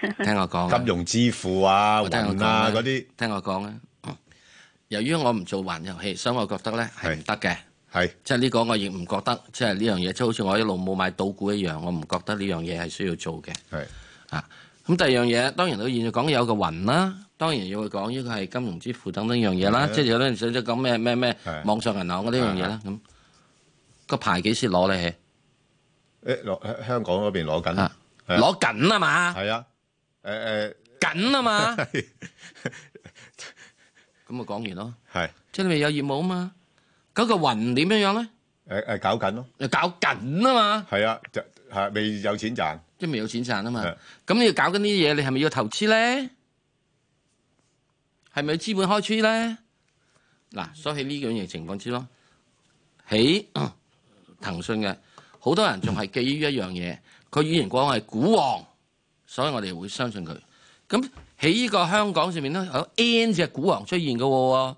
聽我講，金融支付啊，雲啦嗰啲，聽我講啊。由於我唔做玩遊戲，所以我覺得咧係唔得嘅，係即係呢個我亦唔覺得，即係呢樣嘢，即係好似我一路冇買賭股一樣，我唔覺得呢樣嘢係需要做嘅。係啊，咁第二樣嘢，當然佢現在講有個雲啦，當然要去講呢個係金融支付等等一樣嘢啦，即係有啲人想講咩咩咩網上銀行嗰啲樣嘢啦。咁個牌幾時攞咧？誒，攞香港嗰邊攞緊啊，攞緊啊嘛，係啊。誒誒緊啊嘛，咁咪講完咯，係是即係未有業務啊嘛，嗰個雲點樣樣咧？誒誒搞緊咯，搞緊啊嘛，係啊，就係、啊、未有錢賺，即係未有錢賺啊嘛，咁是你要搞緊呢啲嘢，你係咪要投資咧？係咪要資本開支咧？嗱，所以呢樣嘢情況之咯，起，騰訊嘅，好 多人仲係寄於一樣嘢，佢語言講係股王。所以我哋會相信佢。咁喺呢個香港上面咧，有 N 隻股王出現嘅喎、哦。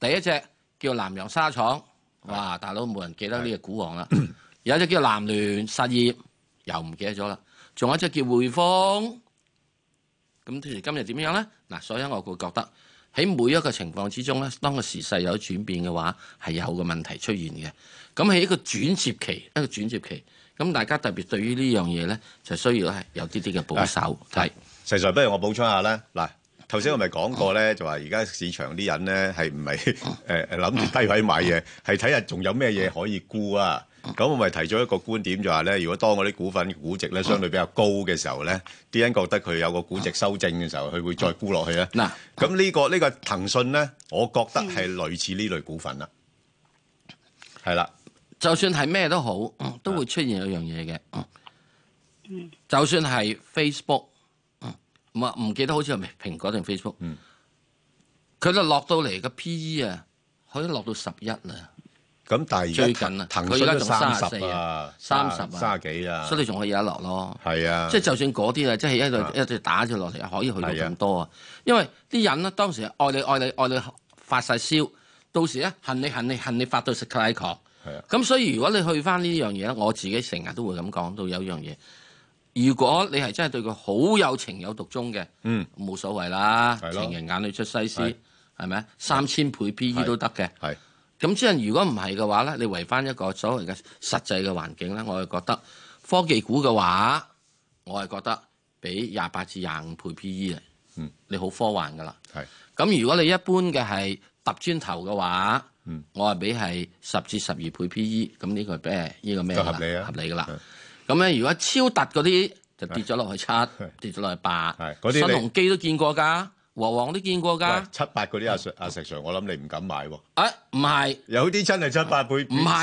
第一隻叫南洋沙廠，哇！大佬冇人記得呢隻股王啦。是的 有一隻叫南聯實業，又唔記得咗啦。仲有一隻叫匯豐。咁到時今日點樣咧？嗱，所以我會覺得喺每一個情況之中咧，當個時勢有轉變嘅話，係有個問題出現嘅。咁喺一個轉接期，一個轉接期。咁大家特別對於呢樣嘢咧，就需要係有啲啲嘅保守係。石 Sir，不如我補充下啦。嗱，頭先我咪講過咧，就話而家市場啲人咧係唔係誒諗住低位買嘢，係睇下仲有咩嘢可以沽啊？咁我咪提咗一個觀點，就話咧，如果當我啲股份估值咧相對比較高嘅時候咧，啲人覺得佢有個估值修正嘅時候，佢會再沽落去啊。嗱，咁呢個呢個騰訊咧，我覺得係類似呢類股份啦，係啦。就算係咩都好，都會出現一樣嘢嘅。就算係 Facebook，唔唔記得好似係蘋果定 Facebook。佢就落到嚟個 PE 啊，可以落到十一啦。咁但係最近啊，佢而家仲三十四啊，三十啊，三十幾啊，所以你仲可以一落咯。係啊，即係就算嗰啲啊，即係一對一對打住落嚟，可以去到咁多啊。因為啲人呢，當時愛你愛你愛你發晒燒，到時咧恨你恨你恨你發到食咁所以如果你去翻呢樣嘢，我自己成日都會咁講，到有一樣嘢，如果你係真係對佢好有情有獨鍾嘅，嗯，冇所謂啦，的情人眼裏出西施，係咪？三千倍 P E 的都得嘅，係的。咁即係如果唔係嘅話咧，你圍翻一個所謂嘅實際嘅環境咧，我係覺得科技股嘅話，我係覺得畀廿八至廿五倍 P E 啊，嗯，你好科幻噶啦，係的。咁的如果你一般嘅係。揼磚頭嘅話，嗯、我話俾係十至十二倍 P E，咁呢、這個俾呢、這個咩、這個、合理啊，合理噶啦。咁咧是，如果超揼嗰啲就跌咗落去七是，跌咗落去八，新鴻基都見過㗎。和王都見過㗎，七八嗰啲阿常阿石 Sir，我諗你唔敢買喎。誒，唔係，有啲真係七八倍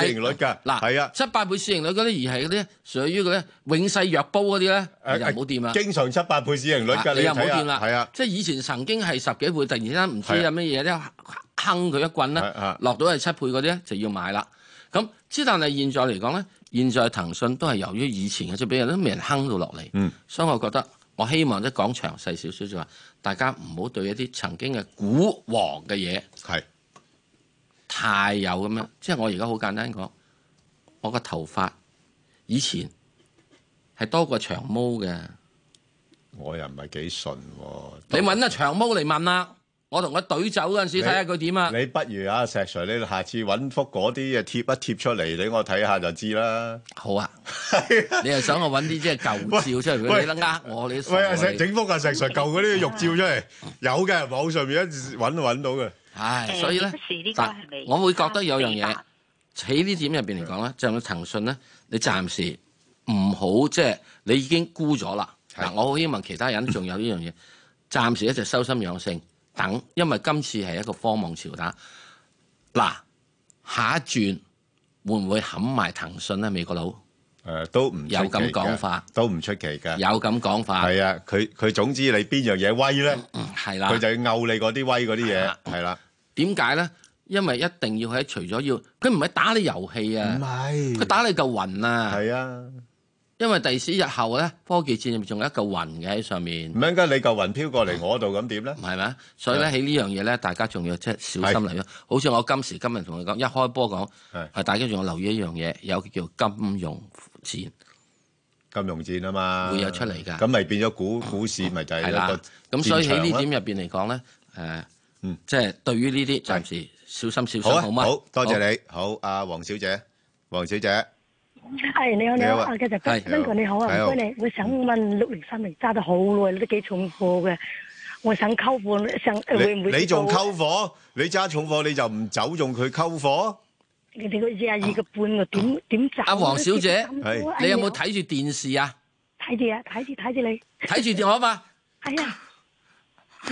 市盈率㗎。嗱，係啊，七八倍市盈率嗰啲而係嗰啲屬於啲永世藥煲嗰啲咧，就唔好掂啊。經常七八倍市盈率㗎，你又唔好掂啦。係啊，即係以前曾經係十幾倍，突然之間唔知有乜嘢咧，坑佢一棍啦，落到係七倍嗰啲咧就要買啦。咁之但係現在嚟講咧，現在騰訊都係由於以前啊，就俾人都未人坑到落嚟，所以我覺得。我希望即係講詳細少少，就話大家唔好對一啲曾經嘅股王嘅嘢係太有咁樣。即係我而家好簡單講，我個頭髮以前係多過長毛嘅。我又唔係幾信喎。你揾阿長毛嚟問啦、啊。我同佢對走嗰陣時，睇下佢點啊！你不如啊，石 Sir，你下次揾幅嗰啲嘅貼一貼出嚟，俾我睇下就知啦。好啊，你係想我揾啲即係舊照出嚟，你咧呃我你？整幅啊，石 Sir 舊嗰啲肉照出嚟，有嘅，網上面一揾到嘅。唉，所以咧，我會覺得有樣嘢喺呢點入邊嚟講咧，就騰訊咧，你暫時唔好即係你已經沽咗啦。嗱，我好希望其他人仲有呢樣嘢，暫時一直修心養性。等，因為今次係一個荒謬潮打嗱，下一轉會唔會冚埋騰訊咧？美國佬誒、呃、都唔有咁講法，都唔出奇嘅有咁講法。係啊，佢佢總之你邊樣嘢威咧？係啦、嗯，佢、啊、就要拗你嗰啲威嗰啲嘢，係啦、啊。點解咧？因為一定要喺除咗要，佢唔係打你遊戲啊，唔係佢打你嚿雲啊，係啊。因為第時日後咧，科技戰入面仲有一嚿雲嘅喺上面。唔係應該，你嚿雲飄過嚟我度咁點咧？係咪？所以咧喺呢樣嘢咧，大家仲要即係小心嚟咯。好似我今時今日同你講，一開波講，係大家仲要留意一樣嘢，有叫做金融戰，金融戰啊嘛，會有出嚟噶。咁咪變咗股股市咪就係一個。咁所以喺呢點入邊嚟講咧，誒，嗯，即係對於呢啲暫時小心小心好嘛。好多謝你，好阿黃小姐，黃小姐。係，你好，你好啊，嘅就邊邊個你好啊，唔該你。我想問六零三零揸得好耐，你都幾重貨嘅。我想溝貨，想會唔會？你仲溝貨？你揸重貨你就唔走仲佢溝貨？你哋個二啊二個半個點點走？阿黃小姐，你有冇睇住電視啊？睇住啊，睇住睇住你。睇住我啊嘛。係啊，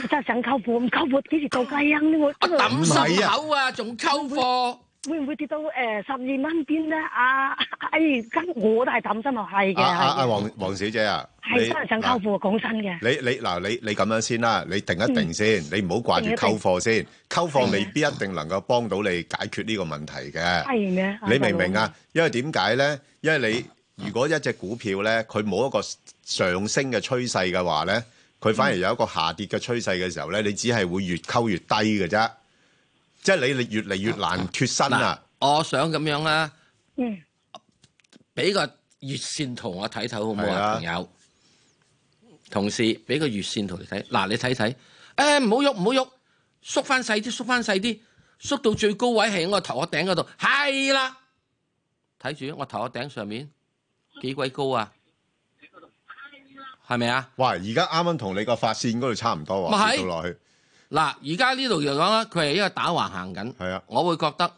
真係想溝貨唔溝貨幾時做隔音我？我抌心口啊，仲溝貨。會唔會跌到誒十二蚊邊咧？啊，哎，咁我都係擔心啊，係嘅。阿阿黃黃小姐啊，係真係想溝貨講真嘅。你你嗱，你你咁樣先啦，你定一定先，你唔好掛住溝貨先。溝貨未必一定能夠幫到你解決呢個問題嘅。係咩？你明唔明啊？因為點解咧？因為你如果一隻股票咧，佢冇一個上升嘅趨勢嘅話咧，佢反而有一個下跌嘅趨勢嘅時候咧，你只係會越溝越低嘅啫。即係你越嚟越難脫身啊！我想咁樣啦、啊，嗯，俾個月線圖我睇睇好唔好是啊？朋友，同事，俾個月線圖你睇，嗱你睇睇，誒唔好喐唔好喐，縮翻細啲縮翻細啲，縮到最高位喺我頭殼頂嗰度，係啦，睇住我頭殼頂上面幾鬼高啊，係咪啊？喂，而家啱啱同你個髮線嗰度差唔多喎，繼續落去。是.嗱，而家呢度就講咧，佢係一個打橫行緊。係啊的，我會覺得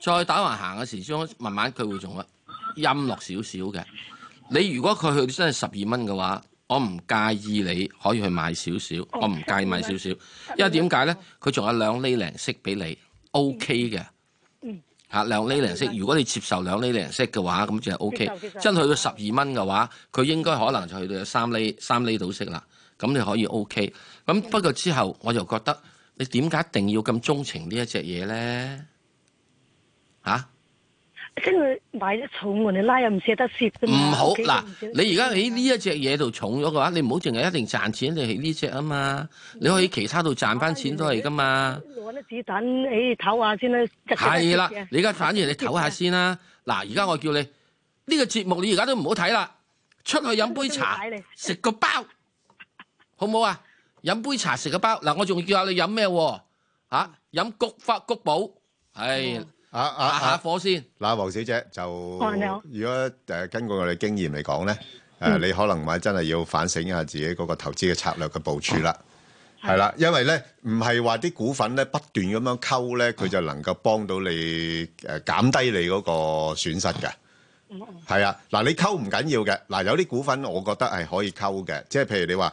再打橫行嘅時中，慢慢佢會仲乜陰落少少嘅。你如果佢去到真係十二蚊嘅話，我唔介意你可以去買少少，哦、我唔介意買少少，因為點解咧？佢仲有兩厘零息俾你，OK 嘅、嗯。嗯。嚇、啊，兩厘零息，如果你接受兩厘零息嘅話，咁就係 OK。嗯嗯嗯、真係去到十二蚊嘅話，佢應該可能就去到有三厘、三厘到息啦。咁你可以 OK，咁不過之後我就覺得你點解一定要咁鍾情呢一隻嘢咧？吓？即係買啲重嘅，你拉又唔捨得蝕。唔好嗱，你而家喺呢一隻嘢度重咗嘅話，你唔好淨係一定賺錢，你喺呢隻啊嘛。你可以其他度賺翻錢都係噶嘛。攞啲子彈，誒唞下先啦。係啦，你而家反而你唞下先啦。嗱，而家我叫你呢個節目，你而家都唔好睇啦，出去飲杯茶，食個包。好唔好啊？飲杯茶食個包嗱，我仲叫下你飲咩喎？嚇飲菊花菊寶，係下下火先。嗱，黃小姐就如果誒根據我哋經驗嚟講咧，誒你可能咪真係要反省一下自己嗰個投資嘅策略嘅部署啦，係啦，因為咧唔係話啲股份咧不斷咁樣溝咧，佢就能夠幫到你誒減低你嗰個損失嘅。係啊，嗱你溝唔緊要嘅，嗱有啲股份我覺得係可以溝嘅，即係譬如你話。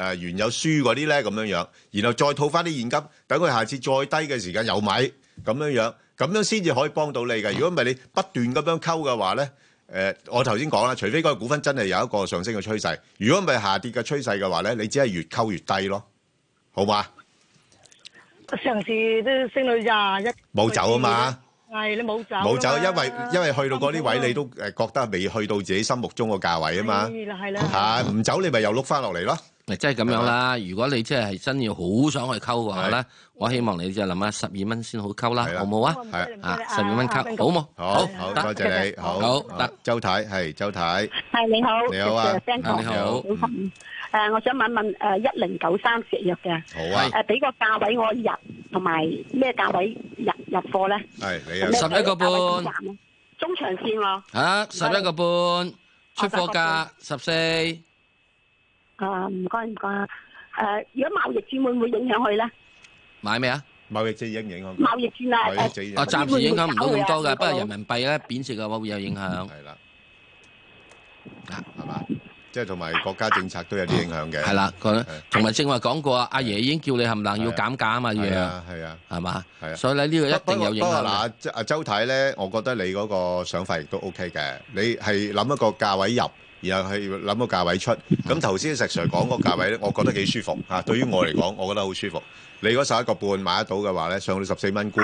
誒原有輸嗰啲咧咁樣樣，然後再套翻啲現金，等佢下次再低嘅時間又買咁樣樣，咁樣先至可以幫到你嘅。如果唔係你不斷咁樣溝嘅話咧，誒，我頭先講啦，除非嗰個股份真係有一個上升嘅趨勢，如果唔係下跌嘅趨勢嘅話咧，你只係越溝越低咯，好嘛？上次都升到廿一，冇走啊嘛，係你冇走，冇走，因為因為去到嗰啲位你都誒覺得未去到自己心目中個價位啊嘛，係啦，係啦，嚇唔走你咪又碌翻落嚟咯。即係咁樣啦，如果你即係係真要好想去溝嘅話咧，我希望你就諗下十二蚊先好溝啦，好唔好啊？係啊，十二蚊溝好冇？好，好，多謝你，好，得周太係周太，係你好，你好啊，你好，誒，我想問一問誒，一零九三石藥嘅，好啊，誒，俾個價位我入，同埋咩價位入入貨咧？係你入，十一個半，中長線咯，吓，十一個半出貨價十四。啊，唔該唔該啊！誒，如果貿易戰會唔會影響佢咧？買咩啊？貿易戰影唔影響？貿易戰啊！誒，暫時影響唔到咁多嘅，不過人民幣咧貶值嘅話會有影響。係啦，啊係嘛，即係同埋國家政策都有啲影響嘅。係啦，同埋正話講過啊，阿爺已經叫你，冚唪唥要減價啊嘛，啲嘢啊，係啊，係嘛，所以咧呢個一定有影響。不過嗱，阿阿周太咧，我覺得你嗰個想法亦都 OK 嘅，你係諗一個價位入。然後係諗個價位出，咁頭先石 Sir 講個價位咧，我覺得幾舒服吓。對於我嚟講，我覺得好舒服。你嗰十一個半買得到嘅話咧，上到十四蚊股，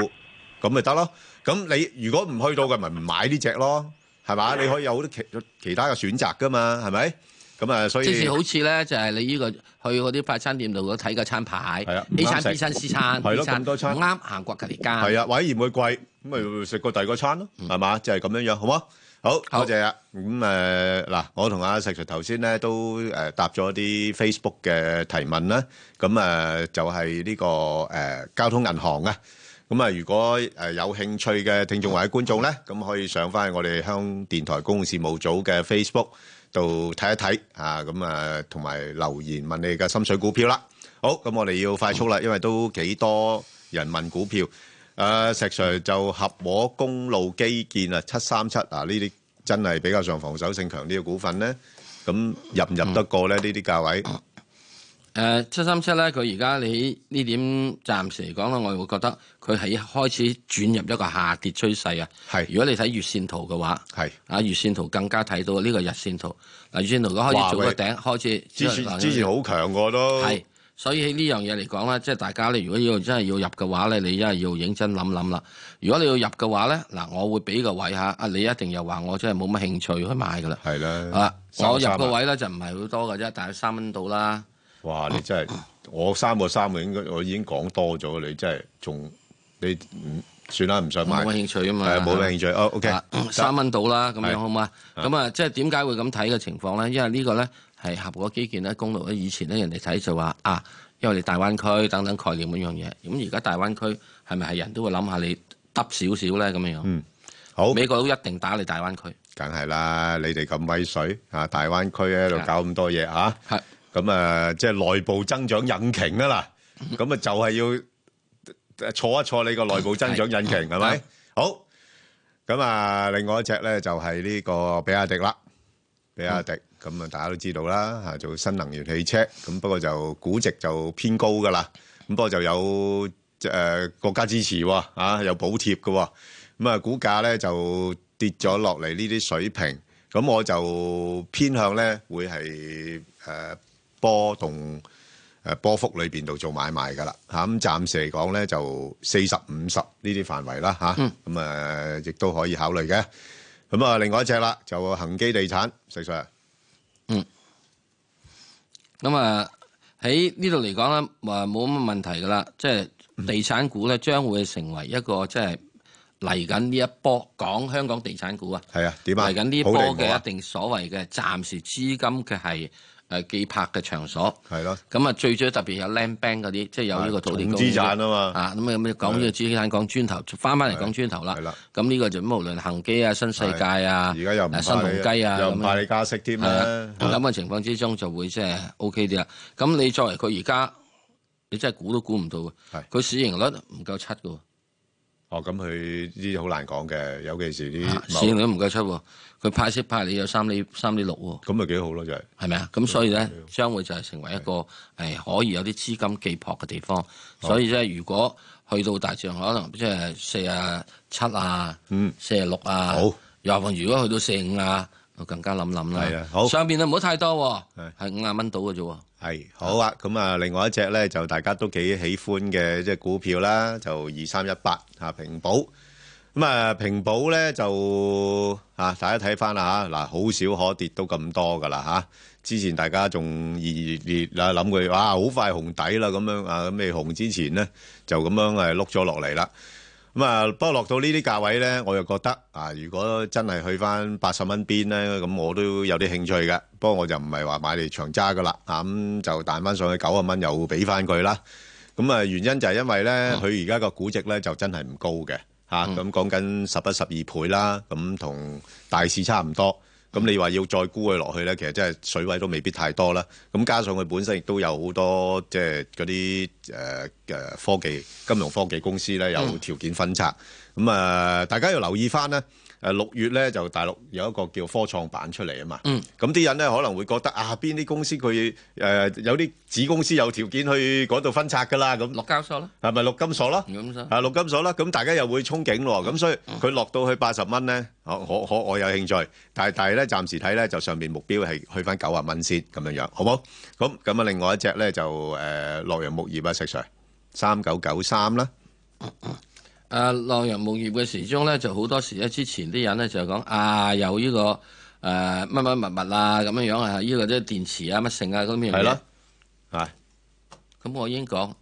咁咪得咯。咁你如果唔去到嘅，咪唔買呢隻咯，係嘛？你可以有好多其其他嘅選擇㗎嘛，係咪？咁啊，所以即係好似咧，就係你呢個去嗰啲快餐店度嗰睇個餐牌，A 餐 B 餐 C 餐，係咯，咁多餐，啱行過隔籬間，係啊，或者嫌佢貴，咁咪食過第二個餐咯，係嘛？就係咁樣樣，好嗎？好，多謝啊！咁誒嗱，我同阿石 sir 頭先咧都誒答咗啲 Facebook 嘅提問啦。咁誒就係呢個誒交通銀行啊。咁啊，如果誒有興趣嘅聽眾或者觀眾咧，咁可以上翻我哋香港電台公共事務組嘅 Facebook 度睇一睇啊。咁啊，同埋留言問你嘅心水股票啦。好，咁我哋要快速啦，因為都幾多人問股票。啊，石 Sir 就合和公路基建啊，七三七啊，呢啲真係比較上防守性強啲嘅股份咧，咁入唔入得過咧？呢啲價位？誒，七三七咧，佢而家你呢點暫時嚟講咧，我會覺得佢係開始轉入一個下跌趨勢啊。係，如果你睇月線圖嘅話，係啊，月線圖更加睇到呢個日線圖。嗱，月線圖如果開始做個頂，開始之前之前好強㗎都。所以喺呢樣嘢嚟講咧，即係大家咧，如果要真係要入嘅話咧，你真係要認真諗諗啦。如果你要入嘅話咧，嗱，我會俾個位吓，啊你一定又話我真係冇乜興趣去買噶啦。係啦，我入個位咧就唔係好多㗎啫，大約三蚊到啦。哇！你真係我三個三個應該，我已經講多咗你，真係仲你唔算啦，唔想買。冇乜興趣啊嘛，冇乜興趣。OK，三蚊到啦，咁樣好嗎？咁啊，即係點解會咁睇嘅情況咧？因為呢個咧。係合國基建咧，公路咧，以前咧，人哋睇就話啊，因為你大灣區等等概念嗰樣嘢，咁而家大灣區係咪係人都會諗下你得少少咧咁樣樣？嗯，好，美國都一定打你大灣區，梗係啦，你哋咁威水啊，大灣區喺度搞咁多嘢嚇，係，咁啊，即係內部增長引擎啊啦，咁啊 就係要坐一坐你個內部增長引擎係咪？好，咁啊，另外一隻咧就係呢個比亞迪啦，比亞迪。 咁啊，大家都知道啦，做新能源汽車咁，不過就估值就偏高噶啦。咁不過就有誒、呃、國家支持啊，有補貼噶咁啊，股價咧就跌咗落嚟呢啲水平。咁我就偏向咧會係誒、呃、波動誒、呃、波幅裏邊度做買賣噶啦吓。咁、啊、暫時嚟講咧就四十五十呢啲範圍啦吓。咁啊，啊，啊，亦都可以考慮嘅。咁啊，另外一隻啦就恒基地產，細 Sir 嗯，咁啊喺呢度嚟講啦，話冇乜問題噶啦，即係地產股咧，將會成為一個即係嚟緊呢一波講香港地產股啊，係啊，點啊，嚟緊呢一波嘅一定所謂嘅暫時資金嘅係。係寄拍嘅場所，係咯。咁啊，最主要特別有 land bank 嗰啲，即係有呢個土地公司。重資產啊嘛。啊，咁啊咁啊，講呢個資產，講磚頭，翻翻嚟講磚頭啦。係啦。咁呢個就無論恆基啊、新世界啊、新鴻基啊，又唔怕你加息添啦。咁嘅情況之中，就會即係 OK 啲啦。咁你作為佢而家，你真係估都估唔到嘅。佢市盈率唔夠七嘅。哦，咁佢呢啲好難講嘅，尤其是啲市盈率都唔夠出，佢派息派你有三厘、三厘六喎，咁咪幾好咯，就係、是。係咪啊？咁所以咧，將會就係成為一個誒可以有啲資金寄泊嘅地方。嗯、所以咧、就是，如果去到大上，可能即係四十七啊，嗯，四十六啊，好，又話如果去到四五啊。更加冧冧啦，係啊，好上邊啊唔好太多，係五廿蚊到嘅啫。係好啊，咁啊，另外一隻咧就大家都幾喜歡嘅即係股票啦，就二三一八啊，平保。咁啊，平保咧就啊，大家睇翻啦吓，嗱、啊，好少可跌到咁多噶啦吓。之前大家仲熱熱烈啊，諗佢哇，好快紅底啦咁樣啊，咁未紅之前咧就咁樣誒碌咗落嚟啦。嗯、不過落到呢啲價位咧，我又覺得、啊、如果真係去翻八十蚊邊咧，咁我都有啲興趣嘅。不過我就唔係話買嚟長揸噶啦，咁、啊嗯、就彈翻上去九十蚊又俾翻佢啦。咁啊，原因就係因為咧，佢而家個估值咧就真係唔高嘅，嚇、啊、咁、啊啊、講緊十一十二倍啦，咁、啊、同大市差唔多。咁你話要再沽佢落去呢？其實真係水位都未必太多啦。咁加上佢本身亦都有好多即係嗰啲誒誒科技、金融科技公司呢，有條件分拆。咁啊、嗯，大家要留意翻咧。誒六月咧就大陸有一個叫科創板出嚟啊嘛，咁啲人咧可能會覺得啊邊啲公司佢誒有啲子公司有條件去嗰度分拆噶啦咁，陸交所咯，係咪陸金所咯？陸金所，係陸金所啦。咁大家又會憧憬喎，咁所以佢落到去八十蚊咧，我我我有興趣，但係但係咧暫時睇咧就上面目標係去翻九啊蚊先咁樣樣，好冇？咁咁啊另外一隻咧就誒洛陽鉬業啊，石 Sir 三九九三啦。啊！浪人無業嘅時鐘咧，就好多時咧。之前啲人咧就係講啊，有呢個誒乜乜物物啊咁樣樣啊，呢個即係電池啊乜性啊咁樣嘢。係咯，係。咁我已經講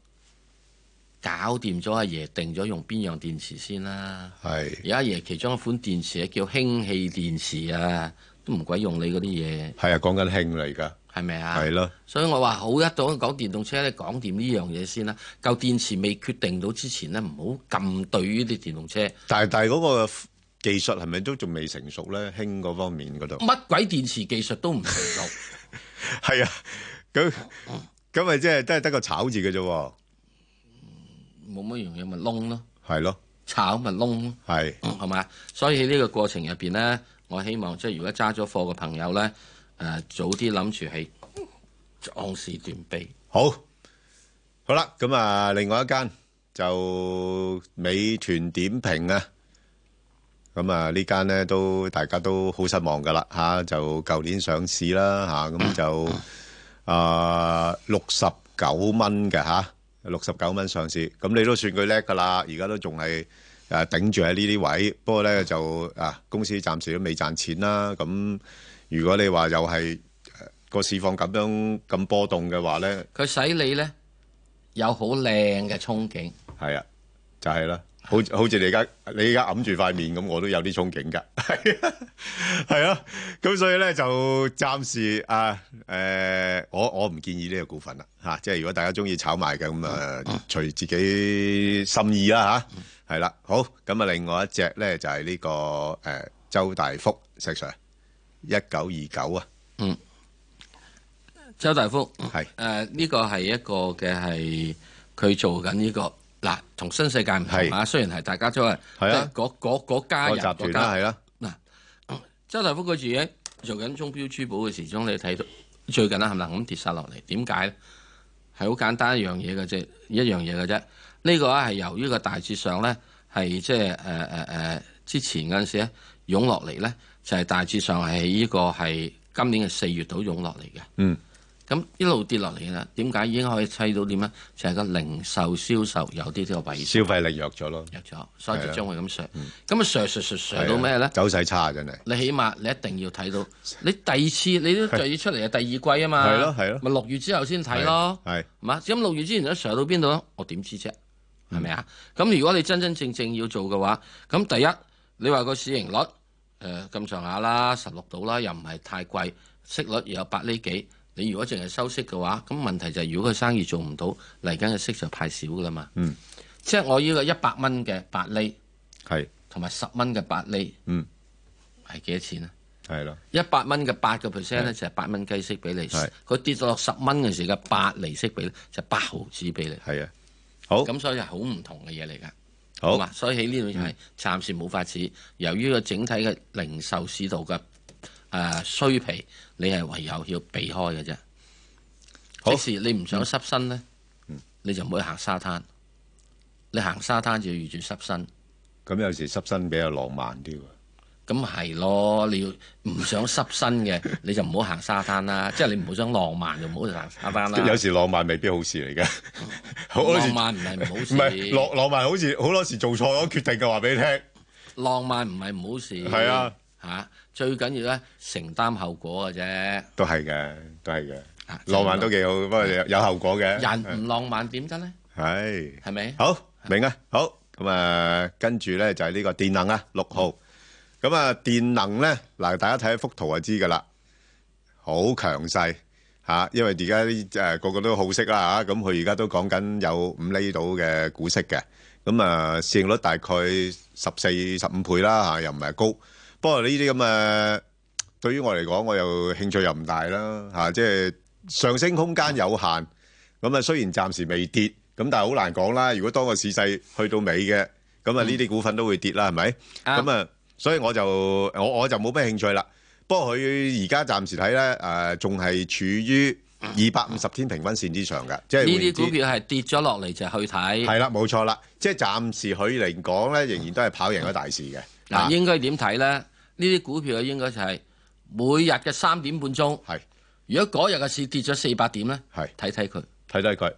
搞掂咗，阿爺定咗用邊樣電池先啦。係。而家阿爺其中一款電池啊，叫氫氣電池啊，都唔鬼用你嗰啲嘢。係啊，講緊氫嚟㗎。係咪啊？係咯，吧所以我話好一度講電動車咧，講掂呢樣嘢先啦。夠電池未決定到之前咧，唔好禁對呢啲電動車。但係但係嗰個技術係咪都仲未成熟咧？興嗰方面度乜鬼電池技術都唔成熟。係 啊，咁咁咪即係都係得個炒字嘅啫。冇乜用。嘢咪窿咯。係咯，吧炒咪窿咯。係是，係嘛、嗯。所以呢個過程入邊咧，我希望即係如果揸咗貨嘅朋友咧。誒、啊，早啲諗住係壯士斷臂，好，好啦，咁啊，另外一間就美團點評啊，咁啊呢間呢都大家都好失望噶啦，吓、啊、就舊年上市啦，吓、啊、咁就 啊六十九蚊嘅吓，六十九蚊上市，咁你都算佢叻噶啦，而家都仲係誒頂住喺呢啲位，不過呢，就啊公司暫時都未賺錢啦，咁。如果你話又係個市況咁樣咁波動嘅話咧，佢使你咧有好靚嘅憧憬。係啊，就係啦，好好似你而家你而家揞住塊面咁，我都有啲憧憬㗎。係啊，係啊，咁所以咧就暫時啊，誒，我我唔建議呢個股份啦嚇。即係如果大家中意炒賣嘅咁啊，隨自己心意啦嚇。係啦，好，咁啊，另外一隻咧就係呢個誒周大福石 Sir。一九二九啊！嗯，周大福係誒呢個係一個嘅係佢做緊呢個嗱，同新世界唔係啊？雖然係大家都係嗰嗰嗰家人嗰集團啦，嗱，周大福佢自己做緊鐘表珠寶嘅時鐘，你睇到最近啦，係咪咁跌曬落嚟？點解咧？係好簡單一樣嘢嘅啫，一樣嘢嘅啫。呢、這個咧係由於個大致上咧係即係誒誒誒之前嗰陣時咧湧落嚟咧。就係大致上係呢個係今年嘅四月度湧落嚟嘅，咁一路跌落嚟啦。點解已經可以砌到點咧？就係、係、個零售銷售，銷售有啲呢個萎縮，消費力弱咗咯，弱咗，所以就將會咁上。咁啊上上上到咩咧？走勢差真係。你起碼你一定要睇到，你第二次你都就要出嚟啊！第二季啊嘛，係咯係咯，咪六月之後先睇咯，係嘛？咁六月之前都上到邊度咯？我點知啫？係咪啊？咁如果你真真正正要做嘅話，咁第一你話個市盈率。誒咁上下啦，十六度啦，又唔係太貴，息率又有八厘幾。你如果淨係收息嘅話，咁問題就係如果佢生意做唔到，嚟緊嘅息就太少噶啦嘛。嗯。嗯即係我依個一百蚊嘅八厘，係是。同埋十蚊嘅八厘，嗯。係幾多錢啊？係咯的。一百蚊嘅八個 percent 咧，的就係八蚊雞息俾你。佢的跌到落十蚊嘅時候，八厘息俾你，就八、是、毫子俾你。係啊。好。咁所以係好唔同嘅嘢嚟㗎。好，所以喺呢度就係暫時冇法子。由於個整體嘅零售市道嘅誒衰皮，你係唯有要避開嘅啫。好，即時你唔想濕身咧，嗯、你就唔好行沙灘。你行沙灘就要預住濕身。咁、嗯、有時濕身比較浪漫啲喎。咁係咯，你要唔想濕身嘅，你就唔好行沙灘啦。即係你唔好想浪漫就唔好行沙灘啦。即係有時浪漫未必好事嚟㗎。浪漫唔係唔好事。唔係浪浪漫好似好多時做錯咗決定嘅話，俾你聽。浪漫唔係唔好事。係啊，嚇最緊要咧，承擔後果嘅啫。都係嘅，都係嘅。浪漫都幾好，不過有有後果嘅。人唔浪漫點得咧？係係咪？好明啊！好咁啊，跟住咧就係呢個電能啊，六號。咁啊，電能咧，嗱，大家睇一幅圖就知噶啦，好強勢吓，因為而家誒個個都好識啦吓，咁佢而家都講緊有五厘度嘅股息嘅，咁啊市盈率大概十四十五倍啦吓，又唔係高，不過呢啲咁誒，對於我嚟講，我又興趣又唔大啦吓，即係上升空間有限，咁啊雖然暫時未跌，咁但係好難講啦，如果當個市勢去到尾嘅，咁啊呢啲股份都會跌啦，係咪？咁啊。所以我就我我就冇咩興趣啦。不過佢而家暫時睇咧，誒仲係處於二百五十天平均線之上嘅，即係呢啲股票係跌咗落嚟就去睇。係啦、嗯，冇錯啦，即係暫時佢嚟講咧，仍然都係跑贏咗大市嘅。嗱、嗯，應該點睇咧？呢啲股票應該就係每日嘅三點半鐘。係是。如果嗰日嘅市跌咗四百點咧，係睇睇佢。睇睇佢。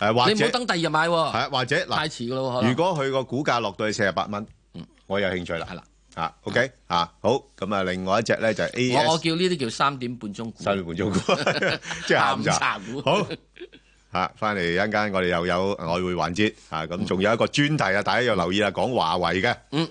誒，或者你唔好等第二日買喎、啊。啊，或者嗱，嗯嗯嗯、太遲㗎咯。如果佢個股價落到去四十八蚊，嗯，我有興趣啦。係啦、嗯。嗯嗯嗯啊，OK，啊，好，咁啊，另外一隻咧就係 A，我我叫呢啲叫三點半鐘股，三點半鐘股，即下午茶股。好，啊，翻嚟一陣間我哋又有外匯環節，啊，咁仲有一個專題啊，大家要留意喇，講華為嘅。嗯。